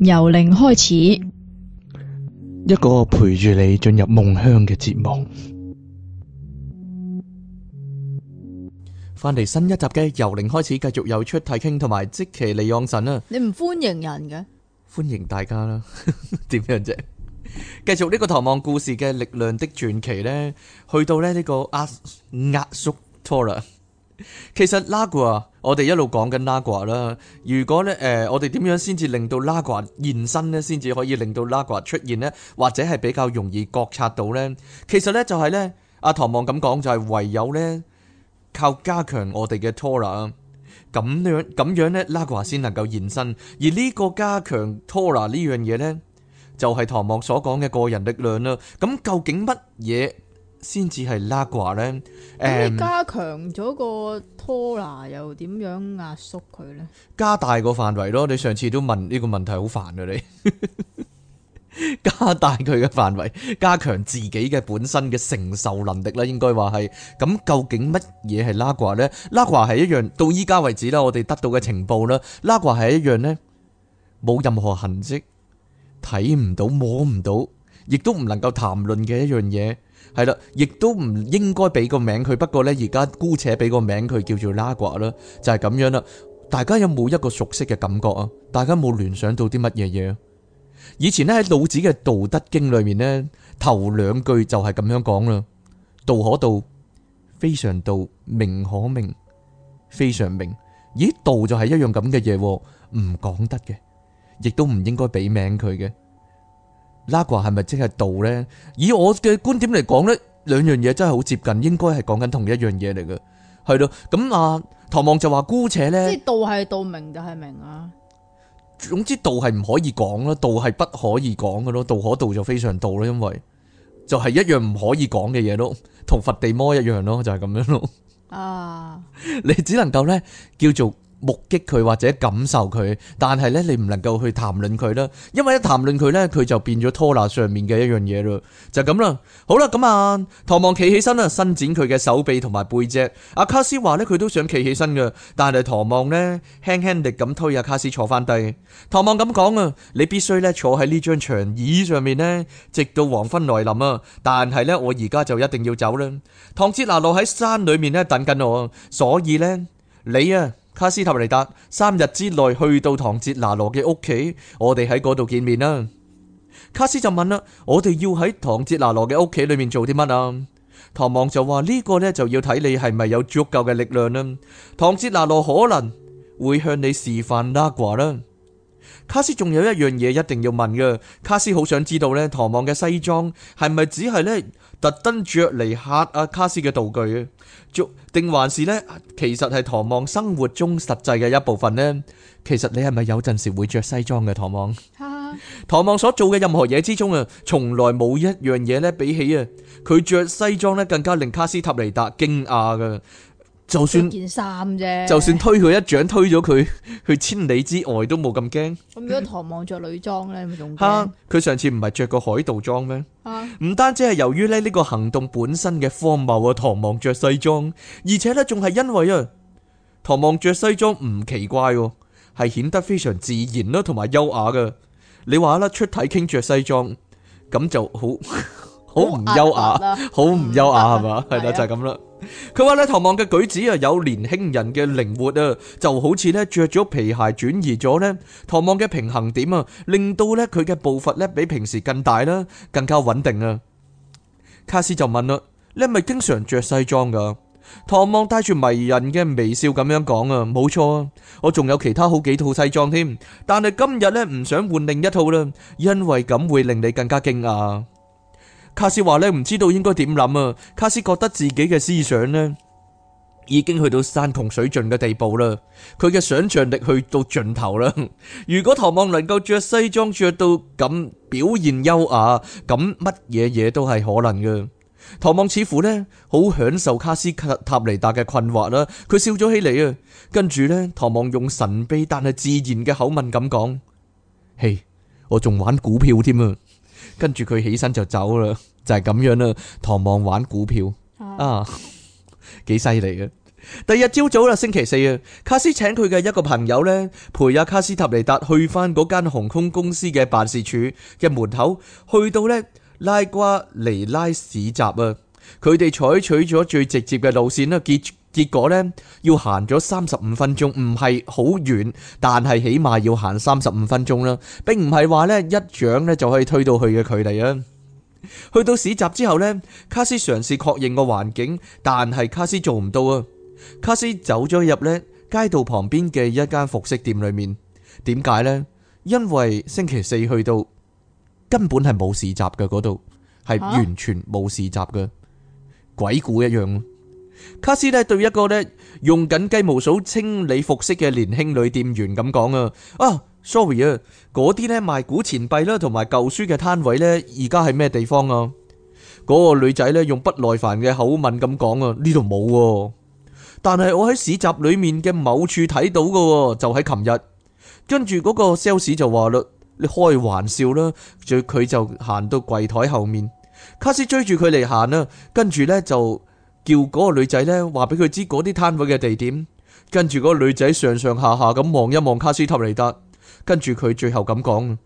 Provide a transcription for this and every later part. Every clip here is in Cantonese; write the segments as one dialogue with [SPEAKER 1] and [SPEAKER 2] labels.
[SPEAKER 1] 由零開始，
[SPEAKER 2] 一個陪住你進入夢鄉嘅節目，翻嚟，新一集嘅由零開始，繼續有出替傾同埋即奇利昂神啊！
[SPEAKER 1] 你唔歡迎人嘅？
[SPEAKER 2] 歡迎大家啦，點 樣啫呢？繼 續呢個《唐望故事》嘅力量的傳奇呢？去到咧呢、這個壓壓縮拖啦， 其實拉 a 我哋一路講緊 Nagual 啦，如果咧誒、呃，我哋點樣先至令到 Nagual 現身咧，先至可以令到 Nagual 出現咧，或者係比較容易覺察到咧，其實咧就係咧阿唐望咁講就係、是、唯有咧靠加強我哋嘅 tora，咁樣咁樣咧 Nagual 先能夠現身，而呢個加強 tora 呢樣嘢咧，就係、是、唐望所講嘅個人力量啦。咁究竟乜嘢？先至係拉掛咧，誒，加
[SPEAKER 1] 強咗個拖拿又點樣壓縮佢咧？
[SPEAKER 2] 加大個範圍咯。你上次都問呢個問題，好煩啊！你加大佢嘅範圍，加強自己嘅本身嘅承受能力啦。應該話係咁，究竟乜嘢係拉掛咧？拉掛係一樣到依家為止啦。我哋得到嘅情報啦，拉掛係一樣咧，冇任何痕跡，睇唔到，摸唔到，亦都唔能夠談論嘅一樣嘢。係啦，亦都唔應該俾個名佢。不過呢，而家姑且俾個名佢叫做 Nagual 啦，就係咁樣啦。大家有冇一個熟悉嘅感覺啊？大家冇聯想到啲乜嘢嘢？以前呢喺老子嘅《道德經》裏面呢，頭兩句就係咁樣講啦：道可道，非常道；名可名，非常名。咦，道就係一樣咁嘅嘢喎，唔講得嘅，亦都唔應該俾名佢嘅。拉瓜係咪即係道咧？以我嘅觀點嚟講咧，兩樣嘢真係好接近，應該係講緊同一樣嘢嚟嘅，係咯。咁啊，唐望就話姑且咧，即係
[SPEAKER 1] 道係道明就係明啊。
[SPEAKER 2] 總之道係唔可以講咯，道係不可以講嘅咯，道可道就非常道咯，因為就係一樣唔可以講嘅嘢咯，同佛地魔一樣咯，就係咁樣咯。
[SPEAKER 1] 啊！你
[SPEAKER 2] 只能夠咧叫做。目擊佢或者感受佢，但係咧你唔能夠去談論佢啦，因為一談論佢咧，佢就變咗拖拿上面嘅一樣嘢咯，就咁啦。好啦，咁啊，唐望企起身啦，伸展佢嘅手臂同埋背脊。阿卡斯話咧，佢都想企起身嘅，但係唐望咧，輕輕地咁推阿卡斯坐翻低。唐望咁講啊，你必須咧坐喺呢張長椅上面咧，直到黃昏來臨啊。但係咧，我而家就一定要走啦。唐哲拿洛喺山裏面咧等緊我，所以咧，你啊。卡斯塔尼達三日之內去到唐哲拿羅嘅屋企，我哋喺嗰度見面啦。卡斯就問啦，我哋要喺唐哲拿羅嘅屋企裏面做啲乜啊？唐望就話呢個呢，就要睇你係咪有足夠嘅力量啦。唐哲拿羅可能會向你示範拉瓜啦。卡斯仲有一樣嘢一定要問嘅，卡斯好想知道呢，唐望嘅西裝係咪只係呢，特登著嚟吓阿卡斯嘅道具嘅，著定還是咧？其實係唐望生活中實際嘅一部分咧。其實你係咪有陣時會著西裝嘅，唐望？唐望所做嘅任何嘢之中啊，從來冇一樣嘢咧，比起啊佢著西裝咧，更加令卡斯塔尼達驚訝嘅。就算件
[SPEAKER 1] 衫啫，就算
[SPEAKER 2] 推佢一掌推咗佢去千里之外都冇咁驚。
[SPEAKER 1] 咁如果唐望着女裝呢，咪仲
[SPEAKER 2] 吓？佢上次唔係着個海盜裝咩？唔單止係由於呢呢個行動本身嘅荒謬啊，唐望着西裝，而且呢仲係因為啊，唐望着西裝唔奇怪，係顯得非常自然啦，同埋優雅嘅。你話啦，出體傾着西裝咁就好。好唔優雅，好唔優雅係嘛？係啦、嗯吧，就係咁啦。佢話咧，唐望嘅舉止啊，有年輕人嘅靈活啊，就好似咧着咗皮鞋轉移咗咧。唐望嘅平衡點啊，令到咧佢嘅步伐咧比平時更大啦，更加穩定啊。卡斯就問啦，你係咪經常着西裝噶唐望帶住迷人嘅微笑咁樣講啊，冇錯啊，我仲有其他好幾套西裝添，但係今日咧唔想換另一套啦，因為咁會令你更加驚訝。卡斯話咧，唔知道應該點諗啊！卡斯覺得自己嘅思想呢已經去到山窮水盡嘅地步啦，佢嘅想象力去到盡頭啦。 如果唐望能夠着西裝着到咁表現優雅，咁乜嘢嘢都係可能嘅。唐望似乎呢好享受卡斯塔尼達嘅困惑啦，佢笑咗起嚟啊！跟住呢，唐望用神秘但係自然嘅口吻咁講：嘿、hey，我仲玩股票添啊！跟住佢起身就走啦，就係咁樣啦。唐望玩股票啊，幾犀利嘅。第二日朝早啦，星期四啊，卡斯請佢嘅一個朋友呢，陪阿卡斯塔尼達去翻嗰間航空公司嘅辦事處嘅門口，去到呢，拉瓜尼拉市集啊。佢哋採取咗最直接嘅路線啦，結。結果呢，要行咗三十五分鐘，唔係好遠，但係起碼要行三十五分鐘啦，並唔係話呢，一掌呢就可以推到去嘅距離啊。去到市集之後呢，卡斯嘗試確認個環境，但係卡斯做唔到啊。卡斯走咗入呢街道旁邊嘅一間服飾店裏面，點解呢？因為星期四去到根本係冇市集嘅，嗰度係完全冇市集嘅，鬼故一樣。卡斯咧對一個咧用緊雞毛掃清理服飾嘅年輕女店員咁講啊啊，sorry 啊，嗰啲咧賣古錢幣啦同埋舊書嘅攤位呢，而家係咩地方啊？嗰個女仔咧用不耐煩嘅口吻咁講啊，呢度冇，但係我喺市集裏面嘅某處睇到噶，就喺琴日。跟住嗰個 sales 就話啦，你開玩笑啦。最佢就行到櫃台後面，卡斯追住佢嚟行啦，跟住呢就。叫嗰個女仔呢話俾佢知嗰啲攤位嘅地點。跟住嗰個女仔上上下下咁望一望卡斯塔尼達，跟住佢最後咁講：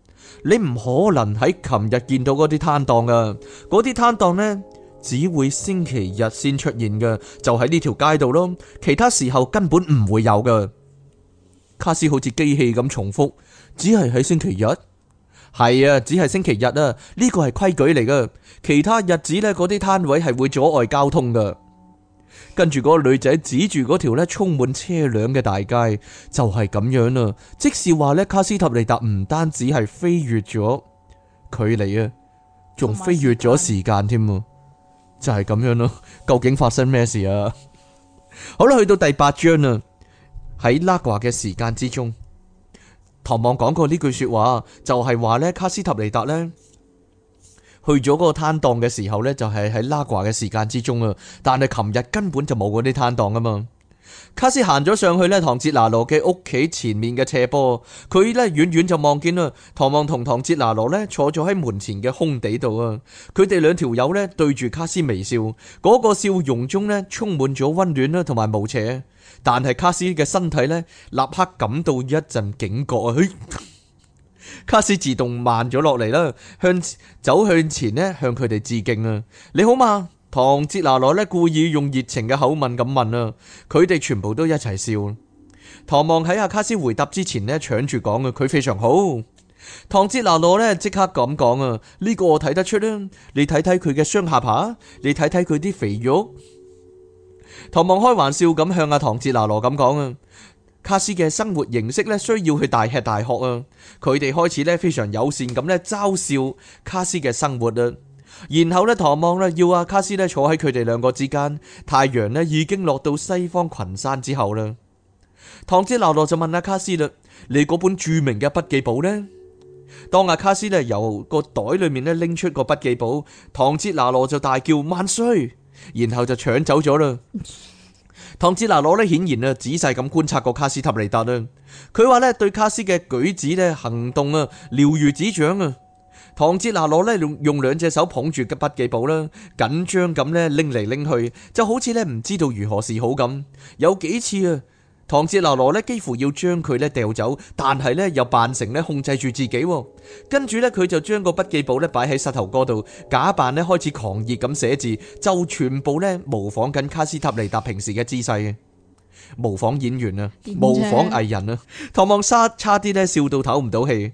[SPEAKER 2] 你唔可能喺琴日見到嗰啲攤檔啊。嗰啲攤檔呢，只會星期日先出現噶，就喺呢條街度咯，其他時候根本唔會有噶。卡斯好似機器咁重複，只係喺星期日。係啊，只係星期日啊，呢個係規矩嚟噶，其他日子呢，嗰啲攤位係會阻礙交通噶。跟住嗰個女仔指住嗰條咧，充滿車輛嘅大街，就係咁樣啦。即係話咧，卡斯塔尼達唔單止係飛越咗距離啊，仲飛越咗時間添啊，就係咁樣咯。究竟發生咩事啊？好啦，去到第八章啦。喺 Nagual 嘅時間之中，唐望講過呢句話說話，就係話咧，卡斯塔尼達咧，去咗嗰個攤檔嘅時候呢，就係喺 Nagual 嘅時間之中啊！但係琴日根本就冇嗰啲攤檔啊嘛。卡斯行咗上去呢，唐哲拿羅嘅屋企前面嘅斜坡，佢呢遠遠就望見啦。唐望同唐哲拿羅呢坐咗喺門前嘅空地度啊！佢哋兩條友呢對住卡斯微笑，嗰、那個笑容中呢充滿咗溫暖啦，同埋無邪。但係卡斯嘅身體呢，立刻感到一陣警覺啊！卡斯自動慢咗落嚟啦，向走向前咧，向佢哋致敬啊！你好嘛？唐哲拿羅咧，故意用熱情嘅口吻咁問啊。佢哋全部都一齊笑。唐望喺阿卡斯回答之前呢，搶住講啊，佢非常好。唐哲拿羅呢，即刻咁講啊，呢個我睇得出啦，你睇睇佢嘅雙下巴，你睇睇佢啲肥肉。唐望開玩笑咁向阿唐哲拿羅咁講啊。卡斯嘅生活形式咧，需要去大吃大喝啊！佢哋開始咧非常友善咁咧嘲笑卡斯嘅生活啊！然後咧，唐望咧要阿卡斯咧坐喺佢哋兩個之間。太陽咧已經落到西方群山之後啦。唐哲拿羅就問阿卡斯啦：你嗰本著名嘅筆記簿呢？當阿卡斯咧由個袋裏面咧拎出個筆記簿，唐哲拿羅就大叫萬歲，然後就搶走咗啦。唐哲拿羅呢顯然咧仔細咁觀察過卡斯塔尼達啦，佢話呢對卡斯嘅舉止呢行動啊了如指掌啊。唐哲拿羅呢用用兩隻手捧住嘅筆記簿啦，緊張咁呢拎嚟拎去，就好似呢唔知道如何是好咁，有幾次啊。唐哲娜羅咧幾乎要將佢咧掉走，但係咧又扮成咧控制住自己，跟住咧佢就將個筆記簿咧擺喺膝頭哥度，假扮咧開始狂熱咁寫字，就全部咧模仿緊卡斯塔尼達平時嘅姿勢，模仿演員啊，模仿藝人啊。唐麼 望沙差啲咧笑到唞唔到氣，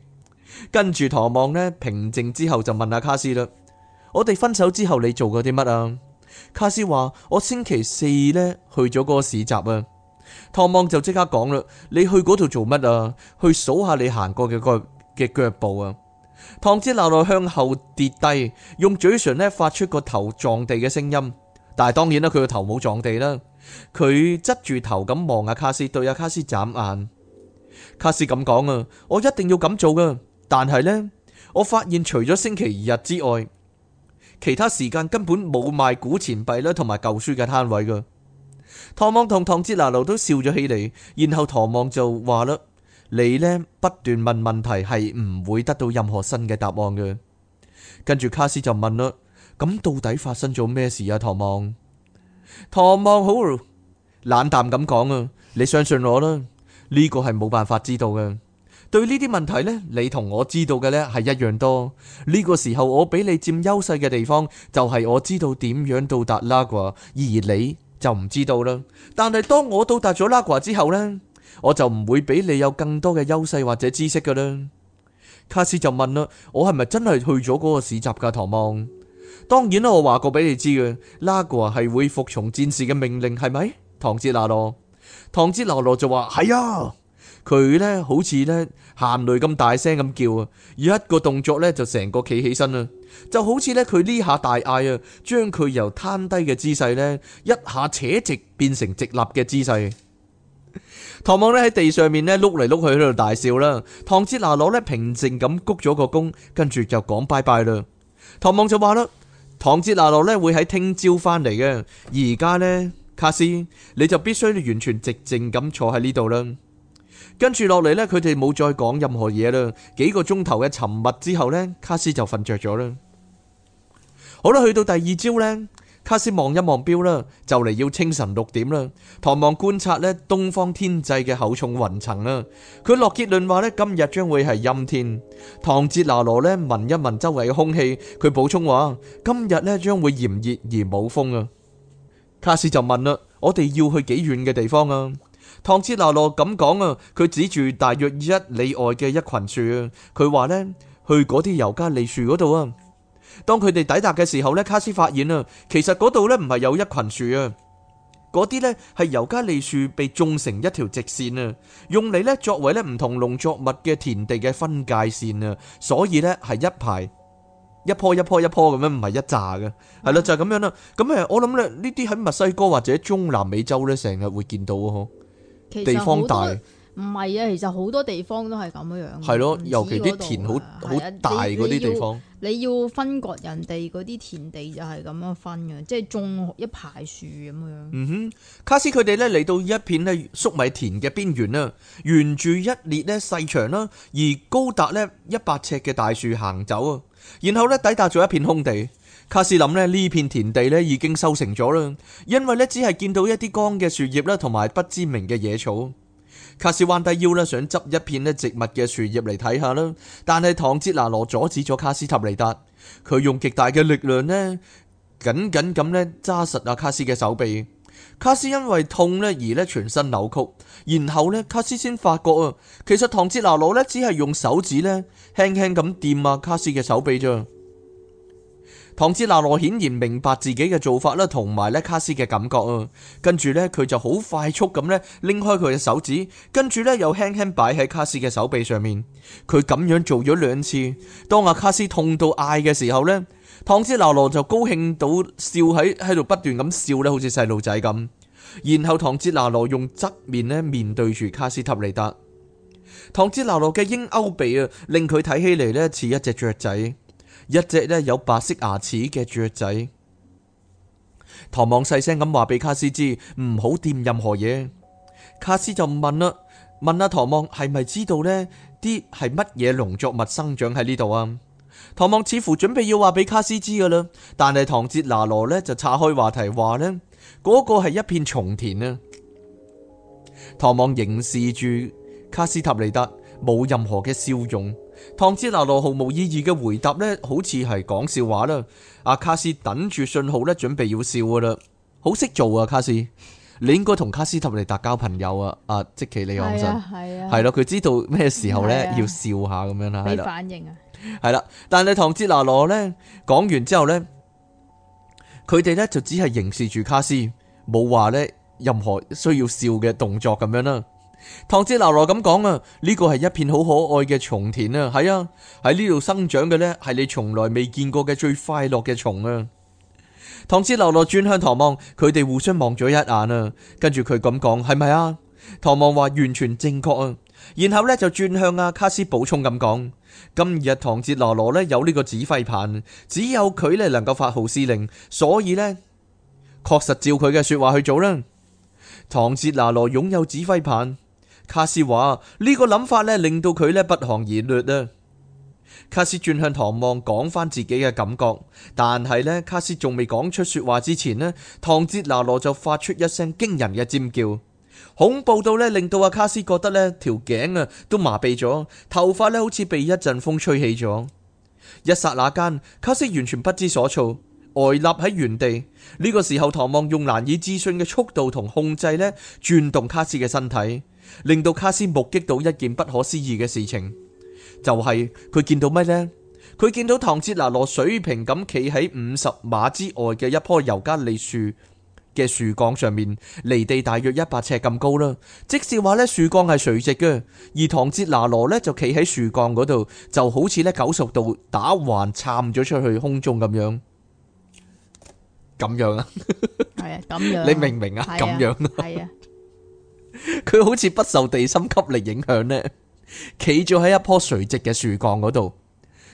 [SPEAKER 2] 跟住唐望呢，平靜之後就問阿卡斯啦，我哋分手之後你做過啲乜啊？卡斯話，我星期四咧去咗嗰個市集啊。唐望就即刻講啦，你去嗰度做乜啊？去數下你行過嘅腳嘅腳步啊！唐子鬧到向後跌低，用嘴唇呢發出個頭撞地嘅聲音。但係當然啦，佢個頭冇撞地啦。佢側住頭咁望阿卡斯，對阿卡斯眨眼。卡斯咁講啊，我一定要咁做噶。但係呢，我發現除咗星期二日之外，其他時間根本冇賣古錢幣啦同埋舊書嘅攤位噶。唐望同唐哲拿露都笑咗起嚟，然後唐望就話嘞：「你呢，不斷問問題係唔會得到任何新嘅答案嘅。跟住卡斯就問嘞：「咁到底發生咗咩事啊？唐望，唐望好，冷淡咁講啊，你相信我啦，呢個係冇辦法知道嘅。對呢啲問題呢，你同我知道嘅呢係一樣多。呢個時候我畀你佔優勢嘅地方就係我知道點樣到達啦啩，而你，就唔知道啦，但係當我到達咗拉瓜之後呢，我就唔會俾你有更多嘅優勢或者知識噶啦。卡斯就問啦，我係咪真係去咗嗰個市集噶？唐望，當然啦，我話過俾你知嘅，拉瓜係會服從戰士嘅命令，係咪？唐杰娜羅，唐杰娜羅就話係啊。佢呢好似呢，含淚咁大聲咁叫啊！一個動作呢就成個企起身啦，就好似呢，佢呢下大嗌啊，將佢由攤低嘅姿勢呢，一下扯直，變成直立嘅姿勢。唐望呢喺地上面呢碌嚟碌去喺度大笑啦。唐哲拿羅呢，平靜咁鞠咗個躬，跟住就講拜拜啦。唐望就話啦，唐哲拿羅呢會喺聽朝返嚟嘅，而家呢，卡斯你就必須完全寂靜咁坐喺呢度啦。跟住落嚟呢，佢哋冇再講任何嘢啦。幾個鐘頭嘅沉默之後呢，卡斯就瞓着咗啦。好啦，去到第二朝呢，卡斯望一望錶啦，就嚟要清晨六點啦。唐望觀察呢東方天際嘅厚重雲層啦，佢落結論話呢，今日將會係陰天。唐哲拿羅呢聞一聞周圍嘅空氣，佢補充話今日呢將會炎熱而冇風啊。卡斯就問啦：我哋要去幾遠嘅地方啊？唐斯拿羅咁講啊，佢指住大約一里外嘅一群樹啊。佢話呢，去嗰啲尤加利樹嗰度啊。當佢哋抵達嘅時候呢，卡斯發現啊，其實嗰度呢唔係有一群樹啊，嗰啲呢係尤加利樹被種成一條直線啊，用嚟咧作為呢唔同農作物嘅田地嘅分界線啊，所以呢係一排一棵一棵一棵咁，嗯就是、樣，唔係一紮嘅係啦，就係咁樣啦。咁誒，我諗咧呢啲喺墨西哥或者中南美洲呢，成日會見到啊。
[SPEAKER 1] 地方大唔係啊，其實好多地方都係咁樣，係咯的，不止
[SPEAKER 2] 尤其啲田好很好的大嗰啲地方
[SPEAKER 1] 你。你要分割人哋嗰啲田地就係咁樣分嘅，即、就、係、是、種一排樹咁樣。
[SPEAKER 2] 嗯哼，卡斯佢哋呢嚟到一片呢粟米田嘅邊緣啊，沿住一列呢細長啦，而高達呢一百尺嘅大樹行走啊，然後呢抵達咗一片空地。卡斯林呢，呢片田地呢已經收成咗啦，因為呢，只係見到一啲乾嘅樹葉啦，同埋不知名嘅野草。卡斯彎低腰呢，想執一片咧植物嘅樹葉嚟睇下啦，但係唐哲拿羅阻止咗卡斯塔尼達，佢用極大嘅力量呢，緊緊咁呢，揸實阿卡斯嘅手臂。卡斯因為痛呢，而咧全身扭曲，然後呢，卡斯先發覺啊，其實唐哲拿羅呢，只係用手指呢，輕輕咁掂阿卡斯嘅手臂啫。唐茲娜羅顯然明白自己嘅做法啦，同埋咧卡斯嘅感覺啊，跟住呢，佢就好快速咁咧拎開佢嘅手指，跟住呢又輕輕擺喺卡斯嘅手臂上面。佢咁樣做咗兩次，當阿卡斯痛到嗌嘅時候呢，唐茲娜羅就高興到笑喺喺度不斷咁笑咧，好似細路仔咁。然後唐茲娜羅用側面咧面對住卡斯塔利達，唐茲娜羅嘅鷹鈎鼻啊，令佢睇起嚟呢似一隻雀仔。一隻咧有白色牙齒嘅雀仔，唐望細聲咁話俾卡斯知，唔好掂任何嘢。卡斯就問啦，問阿唐望係咪知道呢啲係乜嘢農作物生長喺呢度啊？唐望似乎準備要話俾卡斯知噶啦，但係唐哲拿羅呢就岔開話題話呢嗰個係一片松田啊。唐望凝視住卡斯塔尼達，冇任何嘅笑容。唐哲娜羅毫無意義嘅回答咧，好似係講笑話啦。阿卡斯等住信號咧，準備要笑噶啦，好識做啊！卡斯，你應該同卡斯特尼達交朋友啊！阿、啊、即奇你講真！係啊，係咯、啊，佢、啊、知道咩時候咧要笑下咁樣啦。你、啊啊、反應啊？係啦、啊，但係唐哲娜羅咧講完之後咧，佢哋咧就只係凝視住卡斯，冇話咧任何需要笑嘅動作咁樣啦。唐哲拿羅咁講啊，呢個係一片好可愛嘅松田啊，係啊，喺呢度生長嘅呢，係你從來未見過嘅最快樂嘅松啊。唐哲拿羅轉向唐望，佢哋互相望咗一眼啊，跟住佢咁講，係咪啊？唐望話完全正確啊，然後呢，就轉向阿卡斯補充咁講：今日唐哲拿羅呢有呢個指揮棒，只有佢呢能夠發號施令，所以呢，確實照佢嘅說話去做啦。唐哲拿羅擁有指揮棒。卡斯話呢、呢個諗法咧，令到佢咧不寒而慄啊！卡斯轉向唐望講返自己嘅感覺，但係呢，卡斯仲未講出說話之前呢，唐哲拿羅就發出一聲驚人嘅尖叫，恐怖到呢，令到阿卡斯覺得呢條頸啊都麻痹咗，頭髮呢好似被一陣風吹起咗。一剎那間，卡斯完全不知所措，呆、呃、立喺原地。呢、呢個時候，唐望用難以置信嘅速度同控制呢，轉動卡斯嘅身體。令到卡斯目擊到一件不可思議嘅事情，就係、是、佢見到咩呢？佢見到唐哲拿羅水平咁企喺五十碼之外嘅一棵尤加利樹嘅樹幹上面，離地大約一百尺咁高啦。即係樹幹是話呢樹幹係垂直嘅，而唐哲拿羅呢就企喺樹幹嗰度，就好似呢九十度打橫撐咗出去空中咁樣，咁樣啦，
[SPEAKER 1] 係啊，咁 樣、啊，你明唔明的啊？咁樣的，係啊的。
[SPEAKER 2] 佢好似不受地心吸力影響呢，企咗喺一棵垂直嘅樹幹嗰度，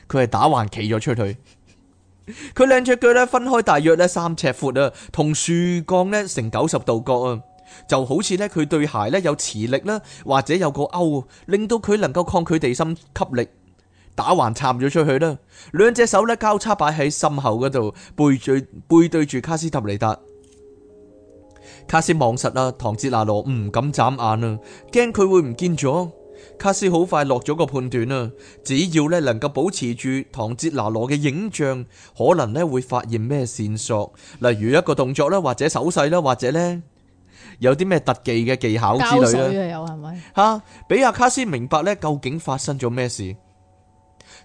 [SPEAKER 2] 佢係打橫企咗出去，佢兩隻腳呢分開大約呢三尺闊啊，同樹幹呢成九十度角啊，就好似呢佢對鞋呢有磁力啦，或者有個勾，令到佢能夠抗拒地心吸力，打橫插咗出去啦，兩隻手呢交叉擺喺心口嗰度，背住背對住卡斯特尼達。卡斯望實啦，唐哲拿羅唔敢眨眼啊，驚佢會唔見咗。卡斯好快落咗個判斷啊，只要呢能夠保持住唐哲拿羅嘅影像，可能呢會發現咩線索，例如一個動作啦，或者手勢啦，或者呢有啲咩特技嘅技巧之類啦。有係咪？吓，俾阿、啊、卡斯明白呢，究竟發生咗咩事？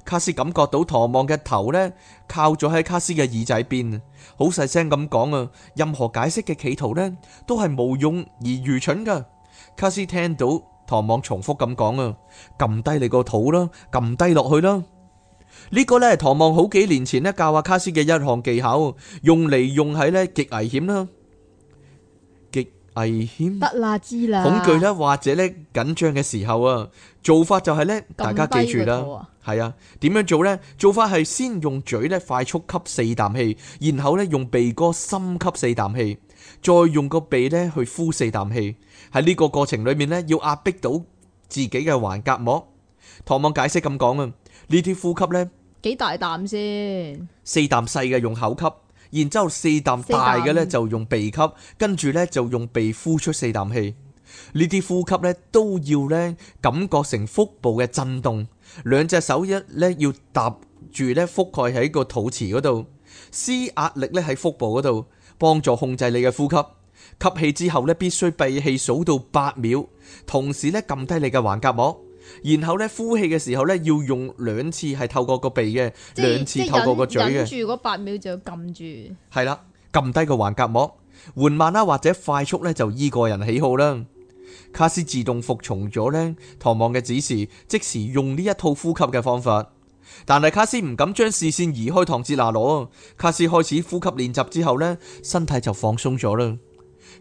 [SPEAKER 2] 卡斯感覺到唐望嘅頭呢，靠咗喺卡斯嘅耳仔邊。好細聲咁講啊！任何解釋嘅企圖呢，都係無用而愚蠢噶。卡斯聽到唐望重複咁講啊，撳低你個肚啦，撳低落去啦。呢個呢，唐望好幾年前咧教阿卡斯嘅一項技巧，用嚟用喺呢極危險啦。危險，得
[SPEAKER 1] 啦知啦，恐懼
[SPEAKER 2] 啦或者咧緊張嘅時候啊，做法就係咧，大家記住啦，係啊，點樣做呢？做法係先用嘴咧快速吸四啖氣，然後咧用鼻哥深吸四啖氣，再用個鼻咧去呼四啖氣。喺呢個過程裏面咧，要壓迫到自己嘅橫膈膜。唐望解釋咁講啊，呢啲呼吸咧
[SPEAKER 1] 幾大啖先，
[SPEAKER 2] 四啖細嘅用口吸。然之後四啖大嘅咧就用鼻吸，跟住咧就用鼻呼出四啖氣。呢啲呼吸咧都要咧感覺成腹部嘅震動。兩隻手一咧要搭住咧覆蓋喺個肚臍嗰度，施壓力咧喺腹部嗰度，幫助控制你嘅呼吸。吸氣之後咧必須閉氣數到八秒，同時咧撳低你嘅橫膈膜。然後咧，呼氣嘅時候咧，要用兩次係透過個鼻嘅，即兩次透過個嘴嘅。忍住
[SPEAKER 1] 嗰八秒就要撳住。
[SPEAKER 2] 係啦，撳低個橫膈膜，緩慢啦或者快速咧就依個人喜好啦。卡斯自動服從咗咧唐望嘅指示，即時用呢一套呼吸嘅方法。但係卡斯唔敢將視線移開唐哲拿羅，卡斯開始呼吸練習之後咧，身體就放鬆咗啦。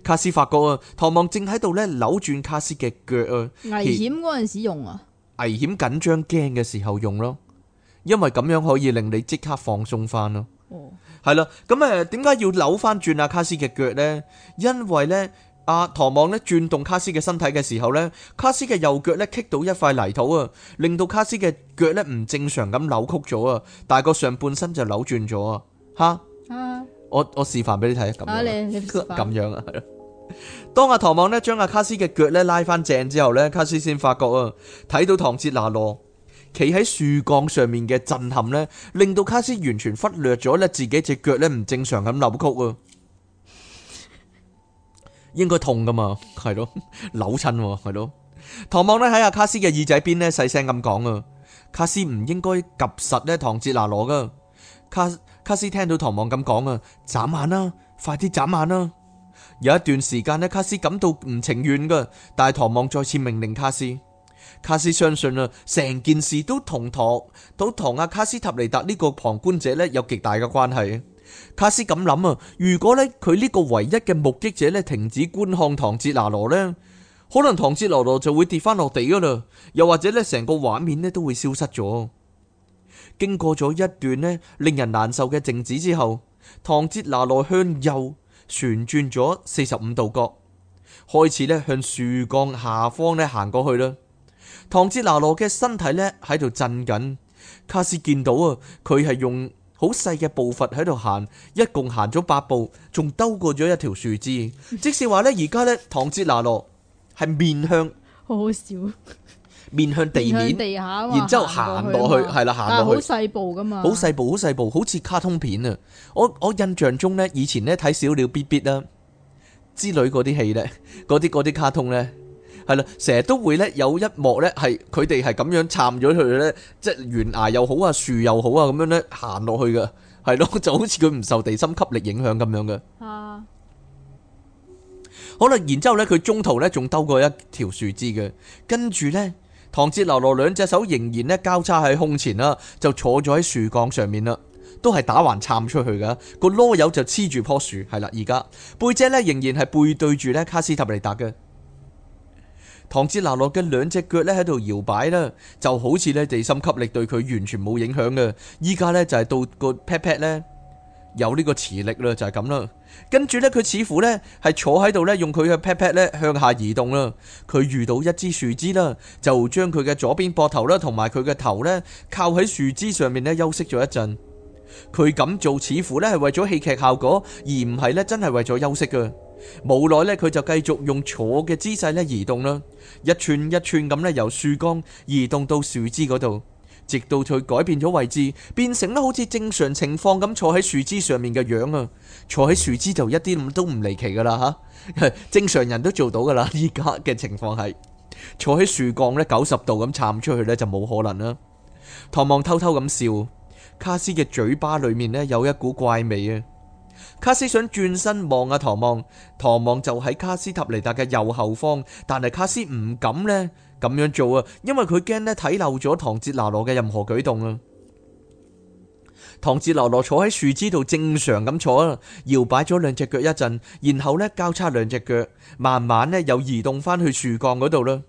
[SPEAKER 2] 卡斯發覺啊，唐望正喺度咧扭轉卡斯嘅腳啊！危險
[SPEAKER 1] 嗰陣時用啊？
[SPEAKER 2] 危險緊張驚嘅時候用咯，因為咁樣可以令你即刻放鬆翻咯。哦，係啦，咁誒，點解要扭翻轉阿卡斯嘅腳咧？因為咧，阿唐望咧轉動卡斯嘅身體嘅時候咧，卡斯嘅右腳咧棘到一塊泥土啊，令到卡斯嘅腳咧唔正常咁扭曲咗啊，但係個上半身就扭轉咗啊！吓吓，我我示範俾你睇啊，咁樣咁樣啊，係咯。當阿唐望咧將阿卡斯嘅腳咧拉返正之後呢，卡斯先發覺啊，睇到唐哲拿羅企喺樹幹上面嘅震撼呢，令到卡斯完全忽略咗咧自己隻腳呢唔正常咁扭曲啊， 應該痛噶嘛，係咯扭親係咯。唐望呢喺阿卡斯嘅耳仔邊呢細聲咁講啊，卡斯唔應該揸實呢唐哲拿羅噶。卡卡斯聽到唐望咁講啊，眨眼啦、啊，快啲眨眼啦、啊。有一段時間咧，卡斯感到唔情願噶。但係唐望再次命令卡斯，卡斯相信啊，成件事都同唐到唐啊卡斯塔尼達呢個旁觀者咧有極大嘅關係。卡斯咁諗啊，如果咧佢呢個唯一嘅目擊者咧停止觀看唐哲拿羅呢，可能唐哲拿羅就會跌返落地噶啦，又或者咧成個畫面咧都會消失咗。經過咗一段呢令人難受嘅靜止之後，唐哲拿羅向右。旋轉咗四十五度角，開始咧向樹幹下方咧行過去啦。唐捷拿羅嘅身體咧喺度震緊，卡斯見到啊，佢係用好細嘅步伐喺度行，一共行咗八步，仲兜過咗一條樹枝。 即使話咧，而家咧唐捷拿羅係面向，好好笑。 面向地面，面向
[SPEAKER 1] 地下，然之後行落去，係啦，行落去，好細步噶嘛，好細
[SPEAKER 2] 步，好細步，好似卡通片啊！我我印象中呢，以前呢，睇《小鳥 B B》啦之類嗰啲戲呢，嗰啲啲卡通呢，係啦，成日都會呢，有一幕呢，係佢哋係咁樣插咗佢咧，即係懸崖又好啊，樹又好啊，咁樣呢，行落去嘅，係咯，就好似佢唔受地心吸力影響咁樣嘅。啊！好啦，然之後呢，佢中途呢，仲兜過一條樹枝嘅，跟住呢。唐哲納羅兩隻手仍然咧交叉喺胸前啦，就坐咗喺樹幹上面啦，都係打橫撐出去嘅，個籮柚就黐住棵樹，係啦，而家背脊咧仍然係背對住咧卡斯塔尼達嘅，唐哲納羅嘅兩隻腳咧喺度搖擺啦，就好似咧地心吸力對佢完全冇影響嘅，依家咧就係到個 pat pat 咧。有呢個磁力啦，就係咁啦。跟住呢，佢似乎呢係坐喺度呢，用佢嘅 pat 向下移動啦。佢遇到一支樹枝啦，就將佢嘅左邊膊頭啦，同埋佢嘅頭呢靠喺樹枝上面咧休息咗一陣。佢咁做似乎呢係為咗戲劇效果，而唔係呢真係為咗休息噶。冇耐呢，佢就繼續用坐嘅姿勢呢移動啦，一寸一寸咁呢由樹幹移動到樹枝嗰度。直到佢改變咗位置，變成咗好似正常情況咁坐喺樹枝上面嘅樣啊！坐喺樹枝就一啲都唔離奇噶啦吓，正常人都做到噶啦。而家嘅情況係坐喺樹幹咧九十度咁探出去，呢就冇可能啦。唐望偷偷咁笑，卡斯嘅嘴巴裏面呢有一股怪味啊！卡斯想轉身望阿、啊、唐望，唐望就喺卡斯塔尼達嘅右後方，但係卡斯唔敢呢。咁樣做啊，因為佢驚咧睇漏咗唐哲拿羅嘅任何舉動啊。唐哲拿羅坐喺樹枝度，正常咁坐啦，搖擺咗兩隻腳一陣，然後咧交叉兩隻腳，慢慢咧又移動返去樹幹嗰度啦。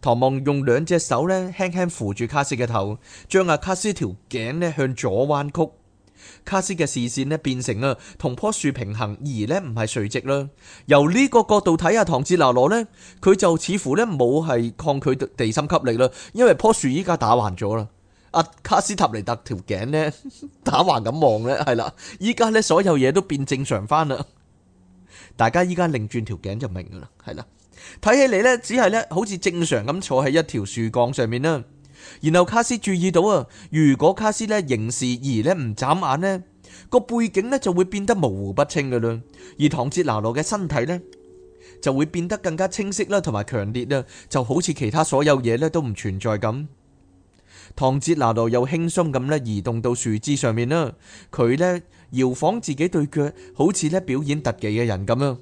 [SPEAKER 2] 唐望用兩隻手咧輕輕扶住卡斯嘅頭，將阿卡斯條頸咧向左彎曲。卡斯嘅視線咧變成啊同棵樹平衡，而咧唔係垂直啦。由呢個角度睇下唐志拿羅呢，佢就似乎咧冇係抗拒地心吸力啦。因為棵樹依家打橫咗啦。阿卡斯塔尼特條頸呢打橫咁望呢，係啦。依家呢所有嘢都變正常翻啦。大家依家擰轉條頸就明噶啦，係啦。睇起嚟呢只係呢好似正常咁坐喺一條樹幹上面啦。然後卡斯注意到啊，如果卡斯呢凝視而呢唔眨眼呢，個背景呢就會變得模糊不清嘅啦。而唐哲拿羅嘅身體呢，就會變得更加清晰啦，同埋強烈啦，就好似其他所有嘢呢都唔存在咁。唐哲拿羅又輕鬆咁呢，移動到樹枝上面啦，佢呢搖晃自己對腳，好似呢表演特技嘅人咁啊。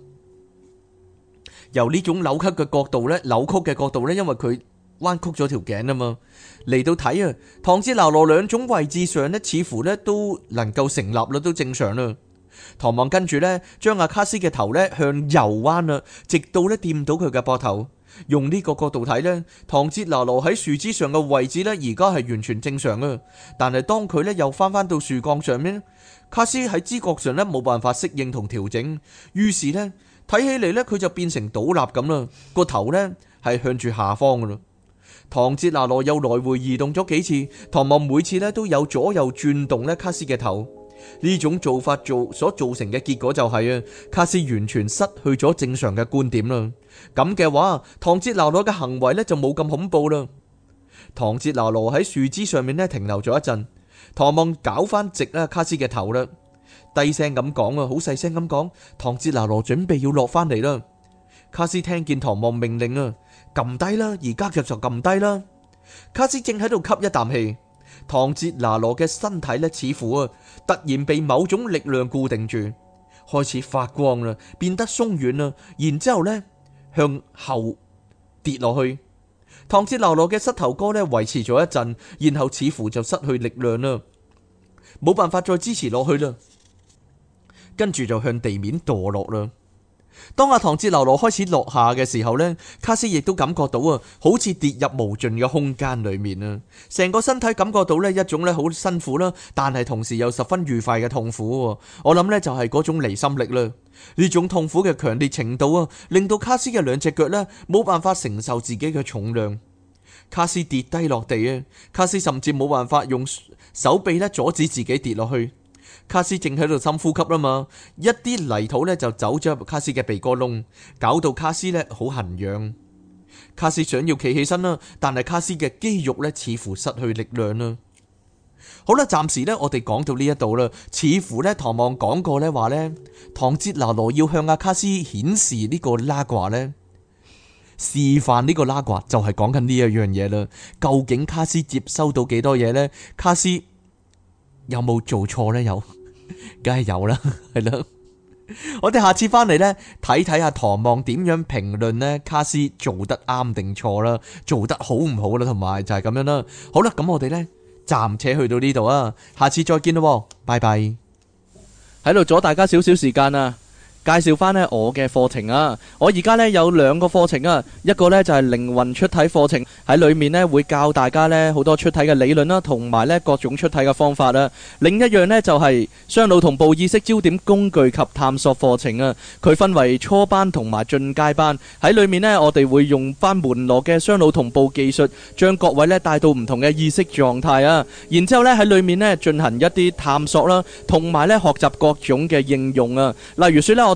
[SPEAKER 2] 由呢種扭曲嘅角度呢，扭曲嘅角度呢，因為佢。彎曲咗條頸啊嘛，嚟到睇啊，唐哲拿羅兩種位置上呢，似乎呢都能夠成立啦，都正常啦。唐望跟住呢，將阿卡斯嘅頭呢向右彎啦，直到呢掂到佢嘅膊頭，用呢個角度睇呢，唐哲拿羅喺樹枝上嘅位置呢，而家係完全正常啊。但係當佢呢又翻返到樹幹上面，卡斯喺知覺上呢冇辦法適應同調整，於是呢睇起嚟呢，佢就變成倒立咁啦，個頭呢，係向住下方噶咯。唐哲拿羅又來回移動咗幾次，唐望每次咧都有左右轉動咧卡斯嘅頭，呢種做法做所造成嘅結果就係、是、啊，卡斯完全失去咗正常嘅觀點啦。咁嘅話，唐哲拿羅嘅行為咧就冇咁恐怖啦。唐哲拿羅喺樹枝上面咧停留咗一陣，唐望搞翻直啦卡斯嘅頭啦，低聲咁講啊，好細聲咁講，唐哲拿羅準備要落翻嚟啦。卡斯聽見唐望命令啊。撳低啦，而家就就撳低啦。卡斯正喺度吸一啖氣，唐哲拿羅嘅身體呢，似乎啊突然被某種力量固定住，開始發光啦，變得鬆軟啦，然之後呢向後跌落去。唐哲拿羅嘅膝頭哥呢維持咗一陣，然後似乎就失去力量啦，冇辦法再支持落去啦，跟住就向地面墮落啦。當阿唐哲流羅開始落下嘅時候呢，卡斯亦都感覺到啊，好似跌入無盡嘅空間裏面啊，成個身體感覺到呢一種呢好辛苦啦，但係同時又十分愉快嘅痛苦。我諗呢就係嗰種離心力啦，呢種痛苦嘅強烈程度啊，令到卡斯嘅兩隻腳呢冇辦法承受自己嘅重量，卡斯跌低落地啊，卡斯甚至冇辦法用手臂咧阻止自己跌落去。卡斯正喺度深呼吸吖嘛，一啲泥土呢就走咗入卡斯嘅鼻哥窿，搞到卡斯呢好痕癢。卡斯想要企起身啦，但係卡斯嘅肌肉呢似乎失去力量啦。好啦，暫時呢我哋講到呢一度啦，似乎呢唐望講過呢話呢，唐哲拿羅要向阿卡斯顯示呢個拉瓜呢。示範呢個拉瓜就係講緊呢一樣嘢啦。究竟卡斯接收到幾多嘢呢？卡斯。有冇做錯呢？有，梗係有啦，係咯。 我哋下次翻嚟呢，睇睇下唐望點樣評論呢卡斯做得啱定錯啦，做得好唔好啦，同埋就係咁樣啦。好啦，咁我哋呢，暫且去到呢度啊，下次再見咯，拜拜。喺度阻大家少少時間啊！介紹翻咧我嘅課程啊！我而家咧有兩個課程啊，一個咧就係靈魂出體課程，喺裏面咧會教大家咧好多出體嘅理論啦，同埋咧各種出體嘅方法啊。另一樣咧就係雙腦同步意識焦點工具及探索課程啊。佢分為初班同埋進階班，喺裏面咧我哋會用翻門羅嘅雙腦同步技術，將各位咧帶到唔同嘅意識狀態啊。然之後咧喺裏面咧進行一啲探索啦，同埋咧學習各種嘅應用啊。例如説咧我。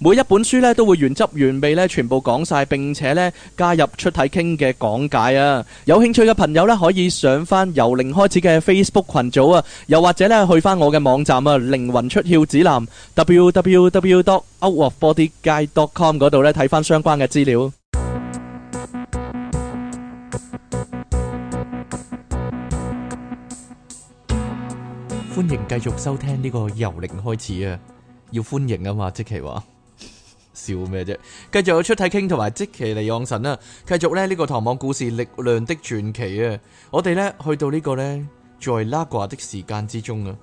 [SPEAKER 2] 每一本書咧都會原汁原味咧全部講晒，並且咧加入出體傾嘅講解啊！有興趣嘅朋友咧可以上翻由零開始嘅 Facebook 群組啊，又或者咧去翻我嘅網站啊靈魂出竅指南 www.outofbodyguide.com 嗰度咧睇翻相關嘅資料。歡迎繼續收聽呢個由零開始啊！要歡迎啊嘛，即其話。笑咩啫？繼續有出體傾同埋即其嚟養神啊。繼續咧呢、這個唐望故事力量的傳奇啊！我哋咧去到個呢個咧在 Nagual 的時間之中啊，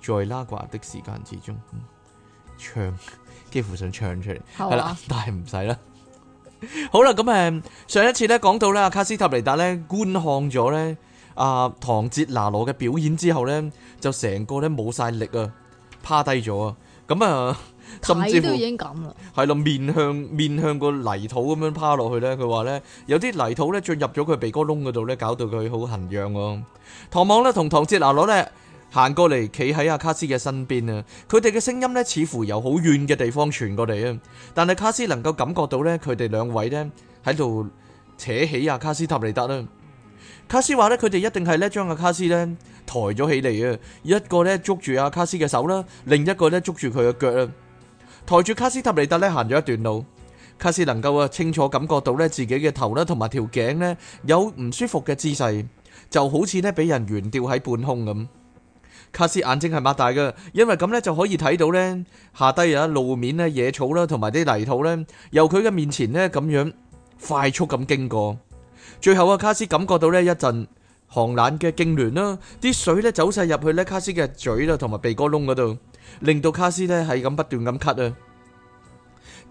[SPEAKER 2] 在 Nagual 的時間之中，嗯、唱幾乎想唱出嚟係吧啦，但係唔使啦。 好啦，咁、嗯、誒，上一次咧講到咧阿卡斯塔尼達咧觀看咗咧阿唐哲拿羅嘅表演之後咧，就成個咧冇晒力啊，趴低咗啊，咁、嗯、啊。嗯甚至乎已經咁啦，係咯，面向面向個泥土咁樣趴落去咧。佢話咧，有啲泥土咧進入咗佢鼻哥窿嗰度咧，搞到佢好痕癢喎。唐望咧同唐哲拿攞咧行過嚟，企喺阿卡斯嘅身邊啊。佢哋嘅聲音咧，似乎由好遠嘅地方傳過嚟啊。但係卡斯能夠感覺到咧，佢哋兩位咧喺度扯起阿卡斯塔尼德啦。卡斯話咧，佢哋一定係咧將阿卡斯咧抬咗起嚟啊。一個咧捉住阿卡斯嘅手啦，另一個咧捉住佢嘅腳啦。抬住卡斯塔尼達咧，行咗一段路，卡斯能夠啊清楚感覺到咧自己嘅頭咧同埋條頸咧有唔舒服嘅姿勢，就好似咧俾人懸吊喺半空咁。卡斯眼睛係擘大嘅，因為咁咧就可以睇到咧下低啊路面咧野草啦同埋啲泥土咧由佢嘅面前咧咁樣快速咁經過。最後啊，卡斯感覺到咧一陣寒冷嘅痙攣啦，啲水咧走晒入去咧卡斯嘅嘴度同埋鼻哥窿嗰度。令到卡斯呢係咁不斷咁咳啊！